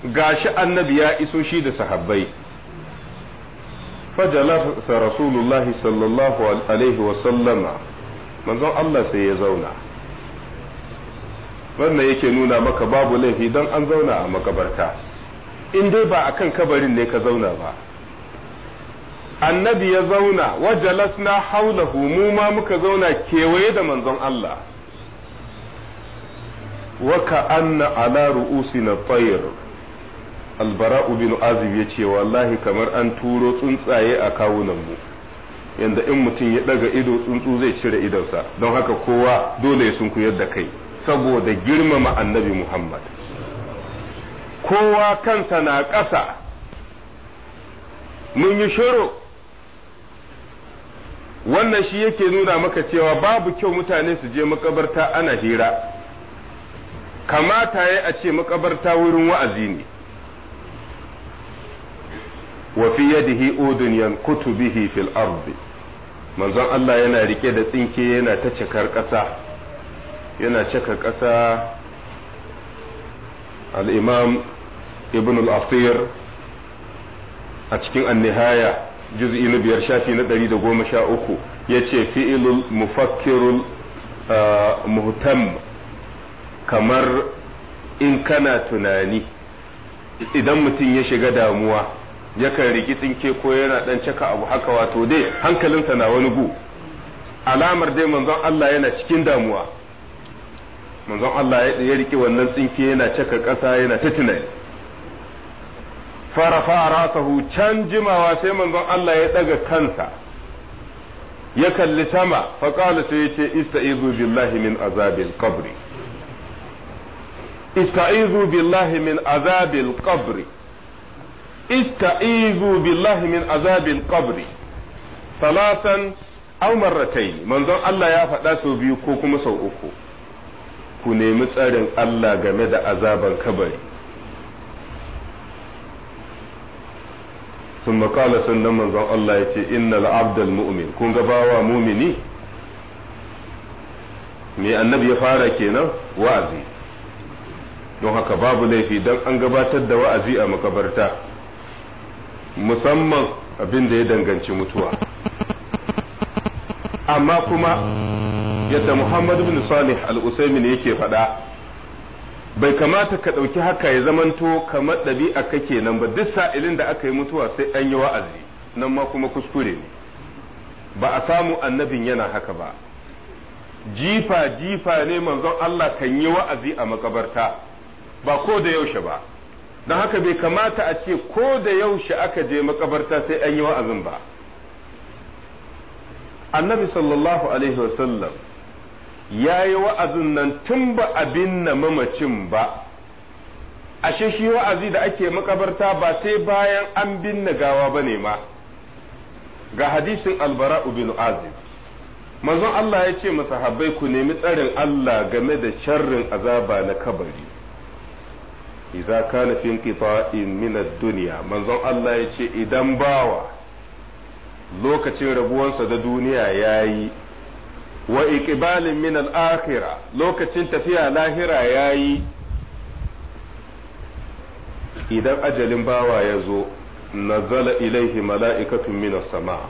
gashi annabi ya iso shi da sahabbai fajalasa rasulullahi sallallahu alaihi wasallama manzon Allah sai ya zauna wannan yake nuna maka babu laifi don an zauna a makabarta in dai ba akan kabarin ne ka zauna ba annabi ya zauna wa jalasna haulahu mu ma muka zauna kewaye da manzon Allah waka anna ala ru'usina tayr albara'u bin azib ya ce wallahi kamar an turo tsuntsaye a kawunanmu yanda in mutum ya daga ido tsuntsu zai cire idonsa don haka kowa dole sun sunkuyar da kai saboda girmama annabi muhammad kowa kansa na ƙasa mun yi shiru wannan shi yake nuna maka cewa babu kyau mutane su je makabarta ana hira kamata ya a ce makabarta wurin wa'azi ne wa fi yadihi udun yankutu bihi fil ardi manzon Allah yana rike da tsinke yana ta cikar ƙasa yana caka ƙasa al-imam ibn al a cikin annihaya juz'i na biyar shafi na ɗari da goma sha uku ya ce fi'ilul mufakkirul ah, muhtam kamar in kana tunani idan mutum ya shiga damuwa yakan riki tsinke ko yana ɗan caka abu haka wato dai hankalinsa na wani gu alamar dai manzon Allah yana cikin damuwa manzon Allah ya riki wannan tsinke yana caka ƙasa yana ta tunani farafa rasahu can jimawa sai manzon Allah ya daga kansa ya kalli sama faƙala sai yace ce ista'izu billahi min azabil qabri ista'izu billahi min azabil qabri ista'izu billahi min azabil qabri salasan aw marratayn manzon Allah ya faɗa sau biyu ko kuma sau uku ku nemi tsarin Allah game da azaban kabari ثم قال سنن من زن الله يتي إن العبد المؤمن كن باوا مؤمني me annabi ya fara kenan wa'azi don haka babu laifi don an gabatar da wa'azi a makabarta musamman abin da ya danganci mutuwa amma kuma yadda muhammad bin salih al-usaimin yake faɗa bai kamata ka ɗauki haka ya zamanto kamar ɗabi'a kake nan ba duk sa'ilin da aka yi mutuwa sai an yi wa'azi nan ma kuma kuskure ne ba a samu annabin yana haka ba jifa jifa ne manzon Allah kan yi wa'azi a makabarta ba ko da yaushe ba don haka bai kamata a ce ko da yaushe aka je makabarta sai an yi wa'azin ba annabi sallallahu alaihi wasallam ya yi wa'azin nan tun ba abin na mamacin ba ashe shi wa'azi da ake makabarta ba sai bayan an binne gawa ba ne ma ga hadisin albara bin azib manzon Allah ya ce masahabbai ku nemi tsarin Allah game da sharrin azaba na kabari ka kana fi inqita'in min ad-dunya manzon Allah ya ce idan bawa lokacin rabuwansa da duniya yayi wa iqbalin min al-akhirah lokacin tafiya lahira yayi idan ajalin bawa ya zo nazala ilaihi mala'ikatun min sama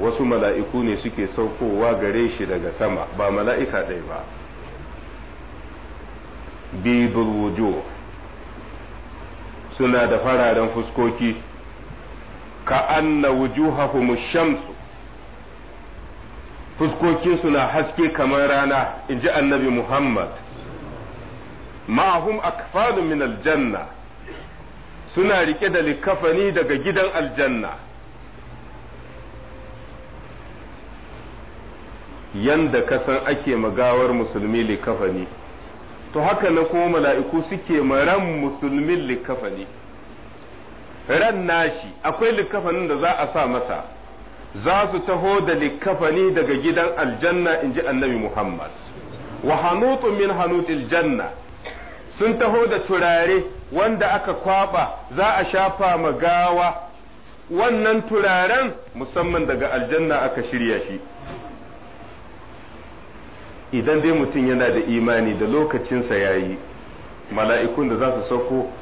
wasu mala'iku ne suke saukowa gare shi daga sama ba mala'ika ɗaya ba bibul wujo suna da fararen fuskoki ka anna wujuhahum shamsu fuskokinsu na haske kamar rana in ji annabi Muhammad ma'ahum akfanu min aljanna suna rike da likafani daga gidan aljanna yanda kasan ake magawar musulmi likafani to haka na kuma mala'iku suke maran musulmin likafani ran nashi akwai likafanin da za a sa masa za su taho da likkafani daga gidan aljanna in ji annabi Muhammad wa hanutun min hanutil janna sun taho da turare wanda aka kwaba za a shafa magawa wannan turaren musamman daga aljanna aka shirya shi idan dai mutum yana da imani da lokacinsa ya yi mala'ikun da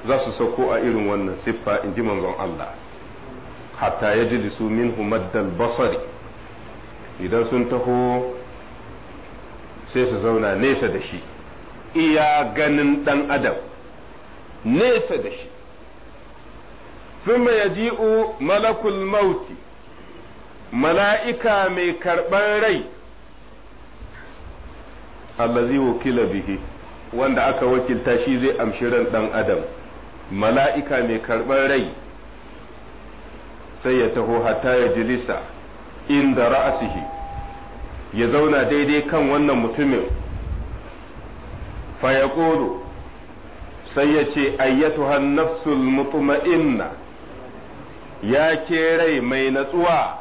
za su sauko a irin wannan siffa in ji manzon Allah hatta yajlisu minhu maddal basari idan sun taho sai su zauna nesa da shi iya ganin ɗan adam nesa da shi ثم يجيء ملك الموت ملائكة من كربان ري الذي وكل bihi wanda aka wakilta shi zai amshi ran ɗan adam mala'ika mai karɓar rai sai ya taho hatta ya jilisa inda ra'asihi ya zauna daidai kan wannan mutumin fayaqulu sai ya ce ayyatuhan nafsul mutma'inna ya ke rai mai natsuwa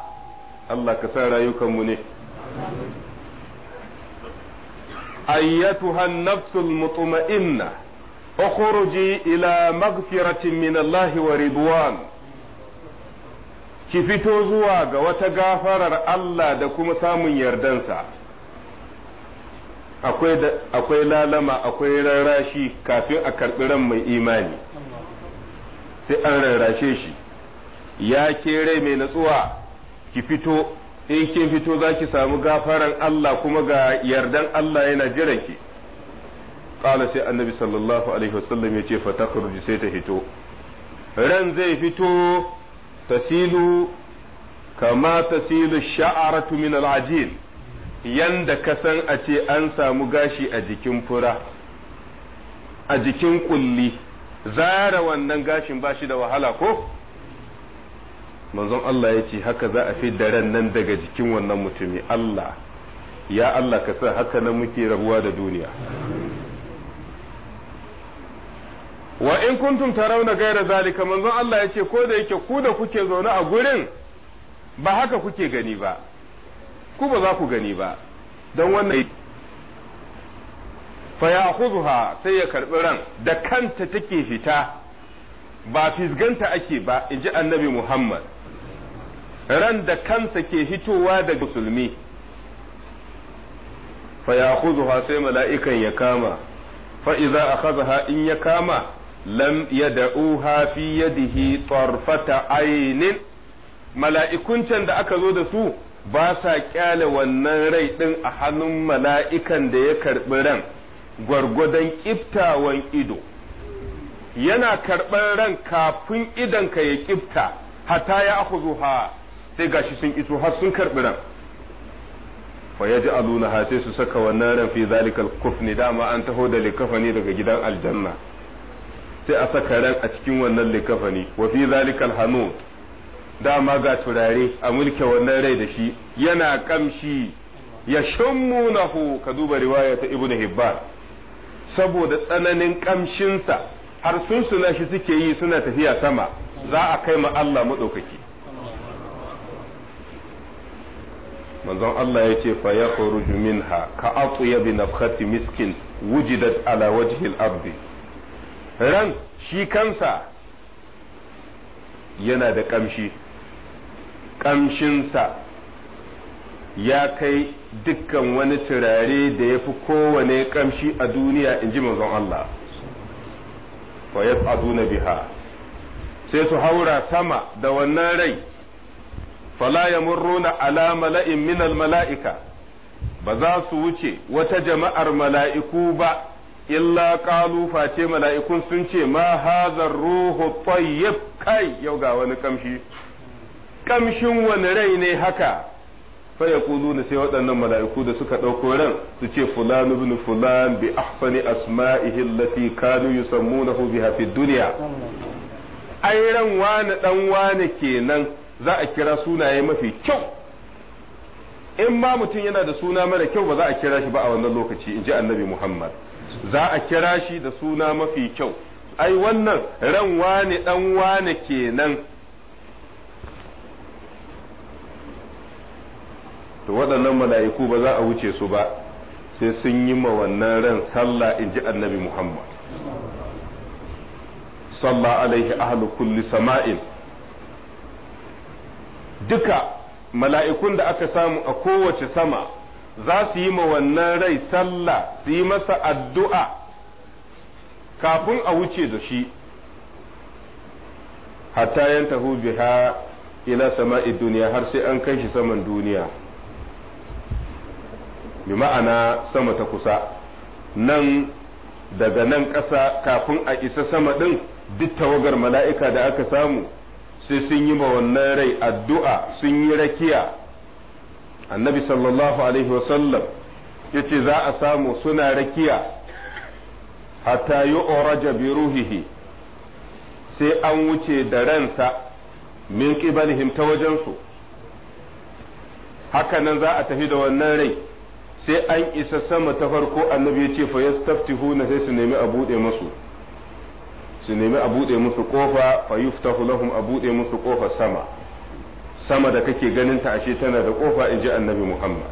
Allah ka sa rayukanmu ne ayyatuhan nafsul mutma'inna ukhruji ila magfiratin min Allah wa ridwan ki fito zuwa ga wata gafarar Allah da kuma samun yardansa akwai lalama akwai rarrashi kafin a karɓi ran mai imani sai an rarrashe shi ya ke rai mai natsuwa ki fito in kin fito za ki samu gafarar Allah kuma ga yardan Allah yana jiran ki qala sai annabi sallallahu alaihi wasallam ya ce fata sai ta hito ran zai fito tasilu kama tasilu sha'aratu min al'ajil yanda ka san a ce an samu gashi a jikin fura a jikin kulli zara wannan gashin ba shi da wahala ko manzon Allah ya ce haka za a fi daren nan daga jikin wannan mutumi Allah ya Allah ka sa haka nan muke rabuwa da duniya wa in kuntum tarawna gaira zalika manzo Allah yace ko da yake ku da kuke zaune a gurin ba haka kuke gani ba ku ba za ku gani ba don wannan fa ya'khudha sai ya karbi ran da kanta take fita ba fisganta ake ba inji annabi Muhammad ran da kansa ke fitowa daga musulmi fa ya'khudha sai mala'ikan ya kama fa idza akhadha in ya kama lam yada'uha fi yadihi tarfata ainin mala'ikun can da aka zo da su ba sa kyale wannan rai ɗin a hannun mala'ikan da ya karɓi ran gwargwadon ƙiftawan ido yana karɓar ran kafin ka ya ƙifta hata ya ha sai gashi sun iso har sun karɓi ran fa ya ji aluna sai su saka wannan ran fi zalikal kufni dama an taho da likafani daga gidan aljanna sai a saka ran a cikin wannan likafani wa fi zalikal hanut dama ga turare a mulke wannan rai da shi yana kamshi ya shammunahu ka duba riwaya ta ibnu hibban saboda tsananin kamshinsa har sun suna shi suke yi suna tafiya sama za a kai ma Allah madaukaki manzon Allah ya ce fa ya minha ka atuya bi nafkhati miskin wujidat ala wajhi al-ardi ran shi kansa yana da ƙamshi ƙamshinsa ya kai dukkan wani turare da ya fi kowane ƙamshi a duniya in ji manzon Allah fa na biha sai su haura sama da wannan rai fala yamurruna ala mala'in minal mala'ika ba za su wuce wata jama'ar mala'iku ba illa qalu face mala'ikun sun ce ma hadha ruhu tayyib kai yau ga wani kamshi kamshin wani rai ne haka fa ne sai waɗannan mala'iku da suka ɗauko ran su ce fulan ibn fulan bi ahsani asma'ihi allati kanu yusammunahu biha fi dunya ai ran wani dan wani kenan za a kira sunaye mafi kyau in ma mutum yana da suna mara kyau ba za a kira shi ba a wannan lokaci in ji annabi Muhammad za a kira shi da suna mafi kyau ai wannan ran wane dan wane kenan to waɗannan mala'iku ba za a wuce su ba sai sun yi ma wannan ran sallah in ji annabi muhammad salla alaihi ahlu kulli sama'in duka mala'ikun da aka samu a kowace sama za su yi ma wannan rai sallah su yi masa addu'a kafin a wuce da shi hatta tahu biha ila sama'i duniya har sai an kai shi saman duniya bi ma'ana sama ta kusa nan daga nan ƙasa kafin a isa sama ɗin duk tawagar mala'ika da aka samu sai sun yi ma wannan rai addu'a sun yi rakiya annabi sallallahu alaihi wasallam ya ce za a samu suna rakiya hatta yi oraja bi ruhihi sai an wuce da ransa min ƙibalihim ta wajensu haka nan za a tafi da wannan rai sai an isa sama ta farko annabi ya ce fa sai su nemi a buɗe musu su nemi a buɗe musu kofa fa yuftahu lahum a buɗe musu kofa sama sama da kake ganin ta ashe tana da kofa in ji annabi Muhammad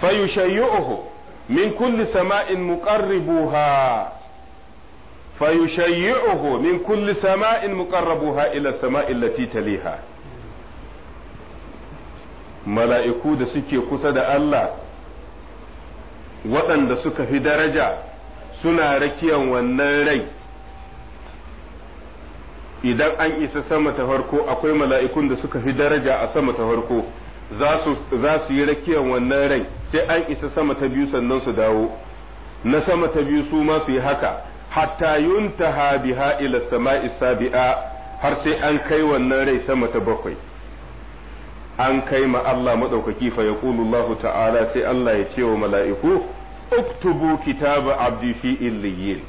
fayushayyuhu min kulli sama'in muqarribuha fayushayyuhu min kulli sama'in muqarrabuha ila sama'in allati taliha mala'iku da suke kusa da Allah waɗanda suka fi daraja suna rakiyan wannan rai idan an isa sama ta farko akwai mala'ikun da suka fi daraja a sama ta farko za su yi rakiyar wannan rai sai an isa sama ta biyu sannan su dawo na sama ta biyu su ma su yi haka hatta ha biha ila sama'i sabi'a har sai an kai wannan rai sama ta bakwai an kai ma Allah maɗaukaki fa ya Allah ta'ala sai Allah ya ce wa mala'iku uktubu kitaba abdi fi illiyin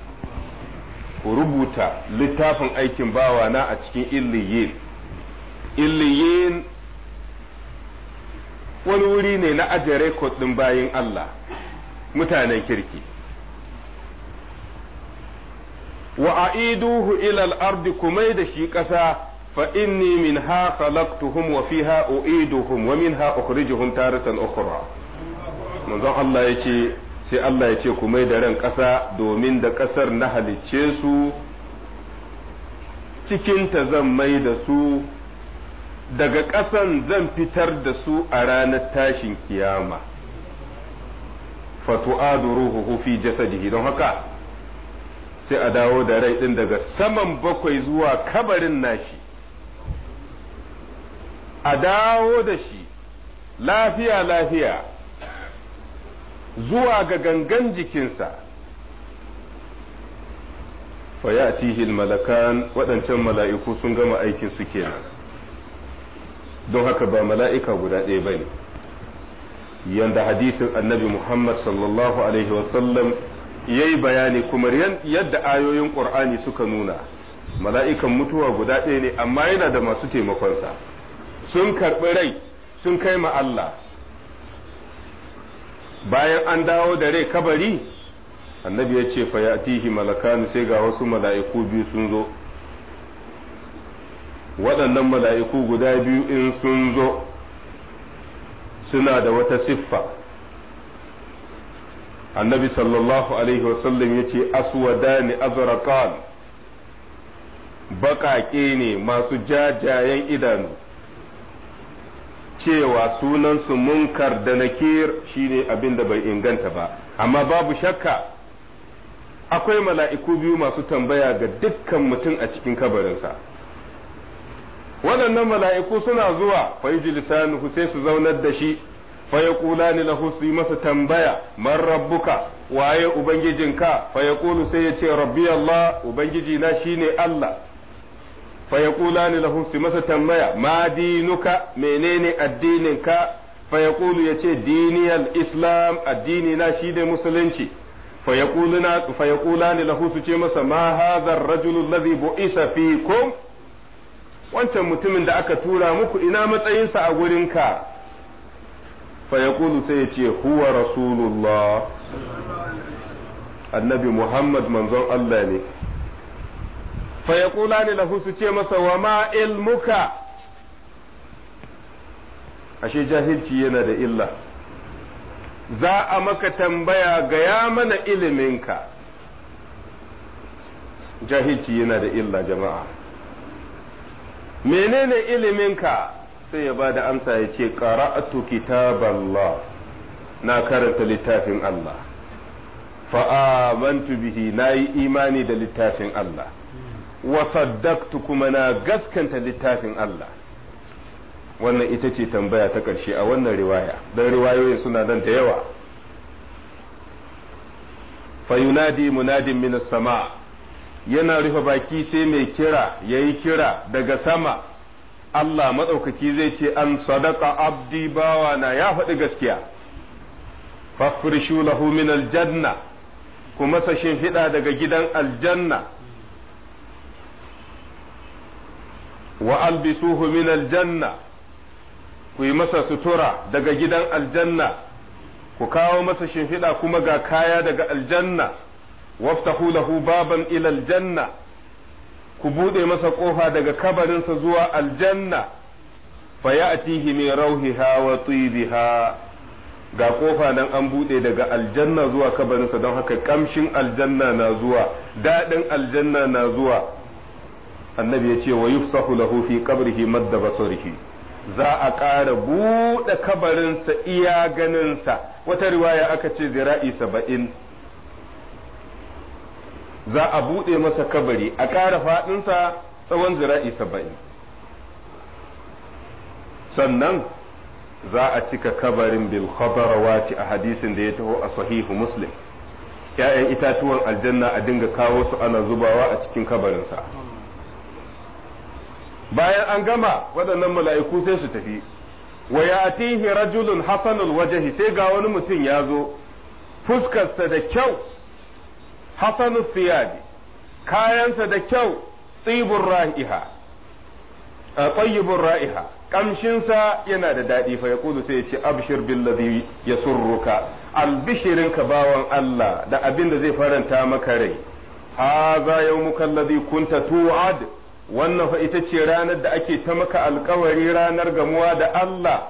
ku rubuta littafin aikin bawa na a cikin illiyin illiyin wani wuri ne na ajiye rekod ɗin bayan Allah mutanen kirki wa a'iduhu ila al-ardi kumai da shi ƙasa fa inni minha khalaqtuhum wa fiha u'iduhum wa minha ukhrijuhum taratan ukhra manzon Allah yace sai Allah ya ce ku mai da ran ƙasa domin da ƙasar na halicce su cikinta zan mai da su daga ƙasan zan fitar da su a ranar tashin kiyama fatu'adu ruhuhu fi jasadihi don haka sai a dawo da rai ɗin daga saman bakwai zuwa kabarin nashi a dawo da shi lafiya lafiya zuwa ga gangan jikinsa fa ya malakan waɗancan mala'iku sun gama aikin su kenan don haka ba mala'ika guda ɗaya ba ne yanda hadisin annabi muhammad sallallahu alaihi wasallam ya yi bayani kuma yadda ayoyin ƙur'ani suka nuna mala'ikan mutuwa guda ɗaya ne amma yana da masu taimakonsa sun karɓi rai sun kai ma Allah bayan an dawo da rai kabari annabi ya ce fayatihi Malakani sai ga wasu mala'iku biyu sun zo waɗannan mala'iku guda biyu in sun zo suna da wata siffa annabi sallallahu alaihi wasallam ya ce aswada azraqan baƙaƙe ne masu jajayen idanu cewa sunansu munkar da nakir shine abin da bai inganta ba amma babu shakka akwai mala'iku biyu masu tambaya ga dukkan mutum a cikin kabarinsa waɗannan mala'iku suna zuwa faiji sai su zaunar da shi fa ni lahu su yi masa tambaya man rabbuka waye ubangijinka kulu sai ya ce rabbi Allah ubangiji na shine Allah fa yaqulani su masa tambaya ma dinuka menene addininka fayaƙulu yaqulu yace diniyal islam addini na shi da musulunci fa yaquluna su ce masa ma hadha ar-rajul alladhi bu'isa wancan mutumin da aka tura muku ina matsayinsa a gurinka fayaƙulu sai yace huwa rasulullah annabi muhammad manzon Allah ne fa ni lahu su ce masa wa ma ilmuka ashe jahilci yana da illa za a maka tambaya gaya mana iliminka jahilci yana da illa jama'a menene iliminka sai ya ba da amsa ya ce qara'atu kitaballah na karanta littafin Allah fa'amantu bihi na yi imani da littafin Allah wa kuma na gaskanta littafin Allah wannan ita ce tambaya ta ƙarshe a wannan riwaya don riwayoyin suna nan da yawa fayunadi munadin min sama yana rufe baki sai mai kira yayi kira daga sama Allah matsaukaki zai ce an sadaka abdi bawa na ya faɗi gaskiya fafrishu lahu min aljanna kuma sashin fida daga gidan aljanna wa albisuhu min aljanna ku yi masa sutura daga gidan aljanna ku kawo masa shimfiɗa kuma ga kaya daga aljanna waftahu lahu baban ila aljanna ku buɗe masa ƙofa daga kabarinsa zuwa aljanna fa ya'tihi min rawhiha wa tibiha ga ƙofa nan an buɗe daga aljanna zuwa kabarinsa don haka kamshin aljanna na zuwa daɗin aljanna na zuwa annabi ya ce wa yufsahu lahu fi qabrihi madda basarihi za a ƙara buɗe kabarinsa iya ganinsa wata riwaya aka ce zira'i saba'in za a buɗe masa kabari a ƙara faɗinsa tsawon zira'i saba'in sannan za a cika kabarin bil khadarawati a hadisin da ya taho a sahihu muslim ‘ya'yan itatuwan aljanna a dinga kawo su ana zubawa a cikin kabarinsa. bayan an gama waɗannan mala'iku sai su tafi wa ya'tihi rajulun hasanul wajhi sai ga wani mutum ya zo fuskarsa da kyau hasanul siyadi kayansa da kyau tsibur ra'iha tayyibur ra'iha kamshinsa yana da daɗi fa Kudu sai ya ce abshir ya yasurruka albishirinka bawan Allah da abin da zai faranta maka rai haza yawmuka alladhi kunta tu'ad wannan fa ita ce ranar da ake ta maka alkawari ranar gamuwa da Allah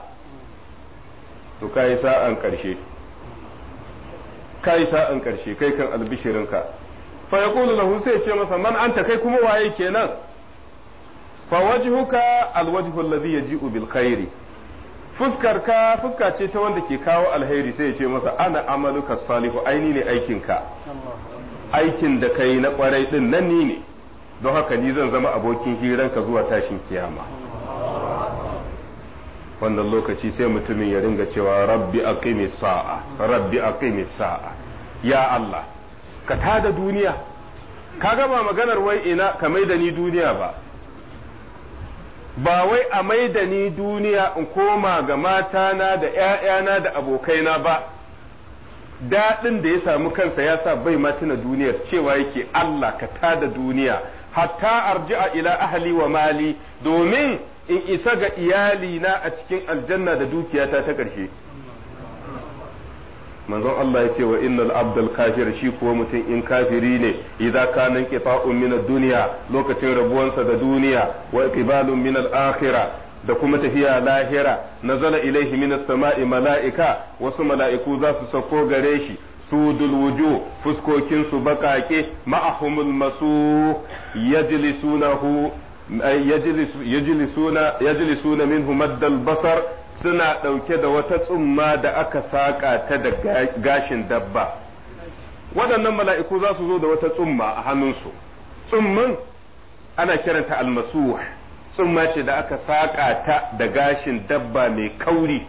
to kai sa'an karshe kai sa'an karshe kai kan albishirinka fa yaqulu lahu sai ce masa man anta kai kuma waye kenan fa wajhuka alwajhu alladhi yaji'u bil khairi ka fuska ce ta wanda ke kawo alheri sai ya ce masa ana amaluka salihu aini ne aikinka aikin da kai na kwarai din nan ne don haka ni zan zama abokin hiranka zuwa tashin kiyama wannan lokaci sai mutumin ya ringa cewa rabbi aqimi sa'a rabbi aqimi sa'a ya Allah ka tada duniya ka gama maganar wai ina ka mai da ni duniya ba ba wai a mai da ni duniya in koma ga mata na da ‘ya'yana da abokaina ba daɗin da ya samu kansa ya sa bai ma duniyar cewa yake Allah ka tada duniya hatta arji'a ila ahli wa mali domin in isa ga iyali na a cikin aljanna da dukiyata ta ƙarshe manzon Allah ya ce wa innal abdal kafir shi kuwa mutum in kafiri ne idza kana inqita'un min ad-dunya lokacin rabuwansa da duniya wa iqbalun min al-akhirah da kuma tafiya lahira nazala ilaihi min as-sama'i mala'ika wasu mala'iku za su sako gare shi sudul wujo, fuskokinsu su bakake ma'ahumul masu yajlisunahu eh, yajlisuna minhu maddal basar suna ɗauke da wata tsumma da aka saƙa ta da gashin dabba waɗannan mala'iku za su zo da wata tsumma a hannunsu tsumman ana kiranta almasu tsumma ce da aka saƙa ta da gashin dabba mai kauri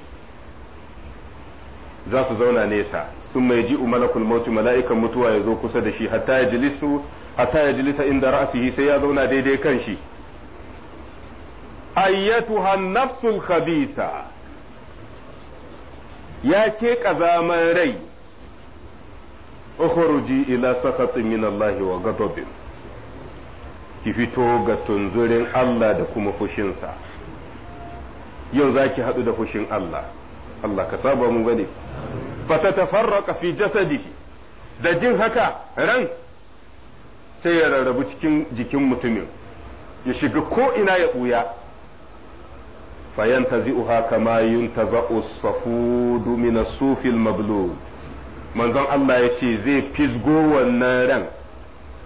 za su zauna nesa sun mai ji malakul mauti mala'ikan mutuwa ya zo kusa da shi hatta ya jilisu hatta ya jilisa inda ra'asihi sai ya zauna daidai kan shi ayyatuha nafsul khabisa ya ke kazaman rai ukhruji ila sakhatin min wa ghadabin ki fito ga tunzurin Allah da kuma fushinsa yau zaki hadu da fushin Allah Allah ka saba mu gane fatatafarraqa fi jasadihi da jin haka ran sai ya rarrabu cikin jikin mutumin ya shiga ko ina ya buya fayantazi'uha kama yuntaza'u safudu min sufil mablug manzon Allah ya ce zai fisgo wannan ran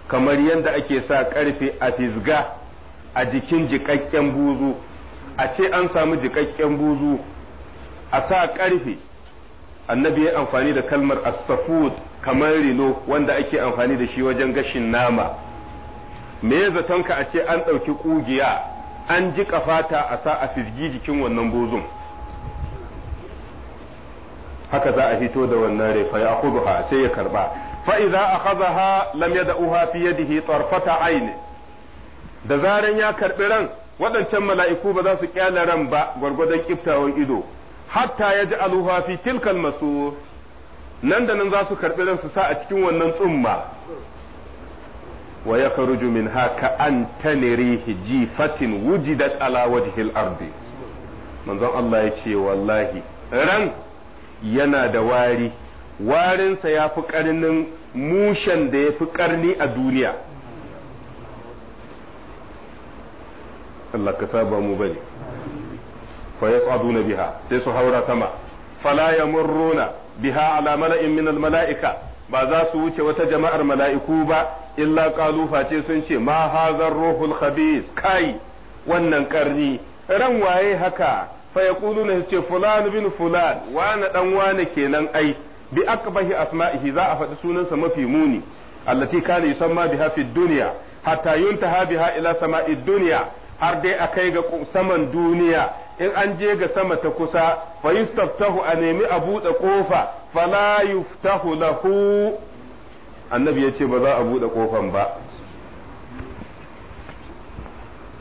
kamar yadda ake sa ƙarfe a fisga a jikin jikakken buzu a ce an samu jikakken buzu a sa ƙarfe. annabi ya amfani da kalmar as-safud kamar rino wanda ake amfani da shi wajen gashin nama me ya zatonka a ce an ɗauki ƙugiya an ji fata a sa a fizgi jikin wannan bozon haka za a fito da wannan rai fa ya'khudha sai ya karba fa idza akhadha lam yad'uha fi yadihi tarfata aini da zaran ya karbi ran waɗancan mala'iku ba za su kyala ran ba gwargwadon kiftawan ido hatta ya ji aluha fi tilkal masu nan da nan za su karɓi ran sa a cikin wannan tsumma wa ya kharuju min haka an wuji jifatin wujidat ala wajhil ardi manzon Allah ya ce wallahi ran yana da wari warinsa ya fi karnin mushen da ya fi karni a duniya Allah ka saba mu bane fa yas'aduna biha sai su haura sama fala murrona biha ala mala'in min mala'ika ba za su wuce wata jama'ar mala'iku ba illa qalu sun ce ma hazar ruhul khabis kai wannan karni ran waye haka fa yaquluna ce fulan bin fulan wani dan wani kenan ai bi akbahi asma'ihi za a faɗi sunansa mafi muni allati kana yusamma biha fid dunya hatta yuntaha biha ila sama'id duniya. har dai a kai ga saman duniya in an je ga sama ta kusa fa yustaftahu a nemi a buɗe ƙofa fa la yuftahu lahu annabi ya ce ba za a buɗe ƙofan ba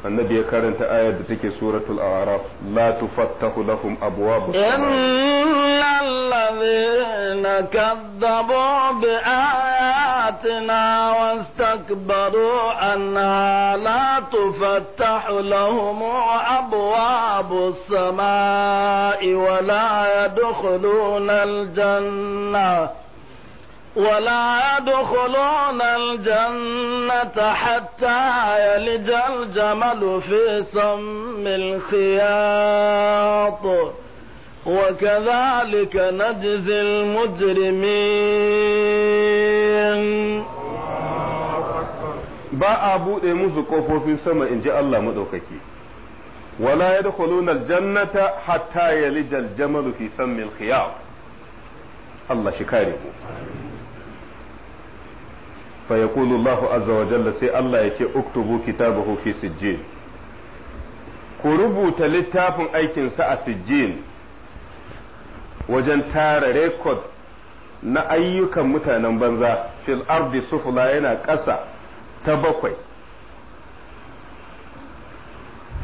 النبي كرنت آية تكي سورة الأعراف لا تفتح لهم أبواب السماء إن الذين كذبوا بآياتنا واستكبروا أنها لا تفتح لهم أبواب السماء ولا يدخلون الجنة ولا يدخلون الجنة حتى يلج الجمل في سم الخياط وكذلك نجزي المجرمين ba a buɗe musu ƙofofin sama in ji Allah maɗaukaki wala ya dakwaluna jannata hatta ya lijal jamalu fi sammil khiyar shi kare fa yaqulu Allahu azza wa jalla sai Allah ya ce uktubu buhu fi sijjin ku rubuta littafin aikinsa a sijjin wajen tara rekod na ayyukan mutanen banza fil ardi sufla yana ƙasa ta bakwai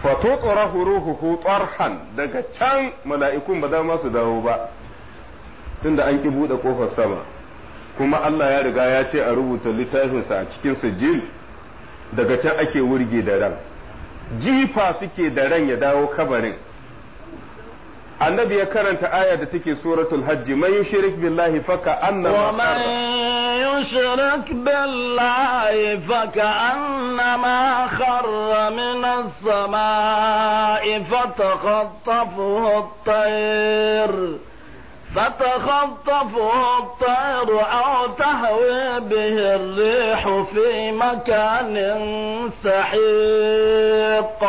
fatutsura ruhuhu tsarhan daga can mala'ikun ba za ma su dawo ba tunda an ƙi buɗe ƙofar sama kuma Allah ya riga ya ce a rubuta littafinsa a cikin sijil daga can ake wurge da ran jifa suke da ran ya dawo kabarin annabi ya karanta aya da take suratul hajji man yushrik billahi faka annama man yushrik billahi faka annama kharra min as-samaa'i fatakhattafuhu at-tayr فتخطفه الطير أو تهوي به الريح في مكان سحيق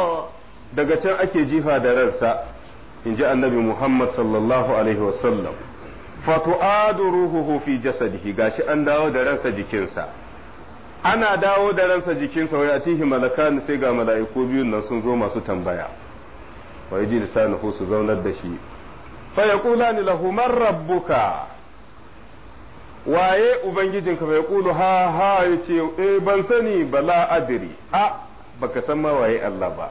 daga can ake jifa da ransa in ji annabi Muhammad sallallahu alaihi wasallam fatu'adu ruhuhu fi jasadihi gashi an dawo da ransa jikinsa ana dawo da ransa jikinsa wai atihi malakan sai ga mala'iku biyun nan sun zo masu tambaya wai ji lisanuhu su zaunar da shi fa ni lahu man rabbuka waye ubangijinka fa kulu ha ha yace eh ban sani bala adri a baka san ma waye Allah ba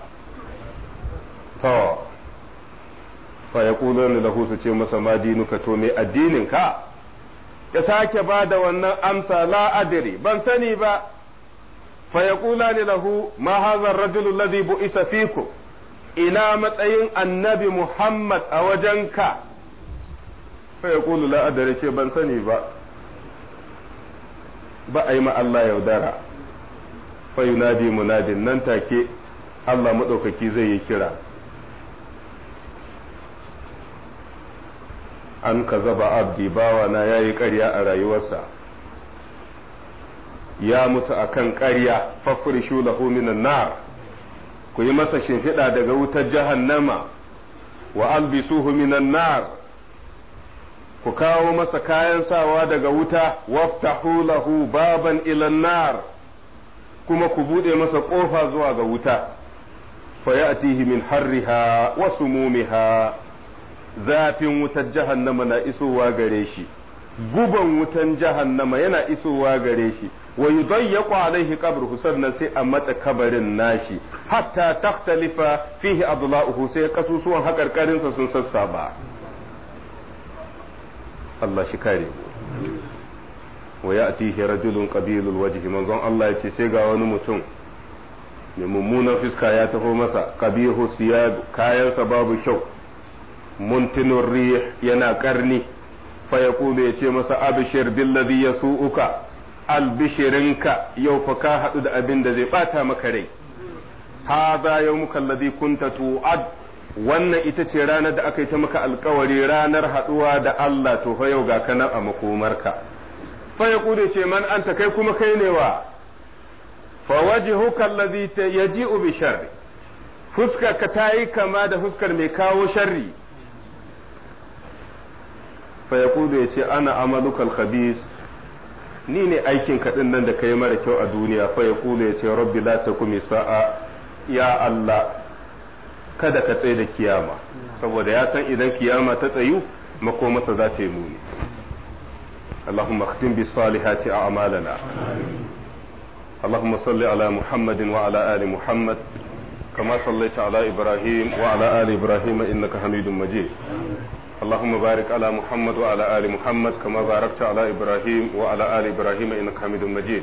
to fa ni lahu su ce masa ma dinuka to me addinin ka ya sake ba da wannan amsa la adri ban sani ba fa ni lahu ma hadha ar-rajulu alladhi bu'isa fikum ina matsayin annabi Muhammad a wajenka sai ya ƙulu la'adari ce ban sani ba ba a yi ma Allah yaudara fa yunadi munadin nan take Allah maɗaukaki zai yi kira an ka zaba abdi bawana ya yi ƙarya a rayuwarsa ya mutu akan ƙarya fafirishu lahu minan nar ku yi masa shimfiɗa daga wutar jahannama wa albisuhu minan nar ku kawo masa kayan sawa daga wuta waftahu lahu baban ilan nar kuma ku buɗe masa ƙofa zuwa ga wuta fayatihi min harriha wa sumumiha zafin wutar jahannama na isowa gare shi guban wutan jahannama yana isowa gare shi wa yudayyaqu alaihi qabruhu sannan sai a matsa kabarin nashi hatta taktalifa fihi adla'uhu sai kasusuwan haƙarƙarinsa sun sassaba Allah shi kare wa ya'tihi rajulun qabilul wajhi manzon Allah yace sai ga wani mutum mai mummunar fuska ya taho masa qabihu siyab kayansa babu kyau muntinur rih yana karni fa yaqulu yace masa abshir billadhi yasu'uka albishirinka yau fa ka haɗu da abin da zai bata maka rai hadha yawmuka alladhi kunta tu'ad wannan ita ce ranar da aka yi ta maka alkawari ranar haɗuwa da Allah to fa yau ga kana a makomarka fa yaqulu ce man kai kuma kai ne wa fa wajhuka alladhi yaji'u bi sharri fuskar ka tayi kama da fuskar mai kawo sharri fa yaqulu ya ce ana amalukal khabis ni ne aikin kaɗin nan da ka yi mara kyau a duniya fa ya ya ce rabbi la taku sa'a ya Allah kada ka tsaye da kiyama saboda ya san idan kiyama ta tsayu makomarsa za ta yi muni اللهم اختم بالصالحات أعمالنا اللهم صل على محمد وعلى آل محمد كما صليت على إبراهيم وعلى آل إبراهيم إنك حميد مجيد اللهم بارك على محمد وعلى آل محمد كما باركت على إبراهيم وعلى آل إبراهيم إنك حميد مجيد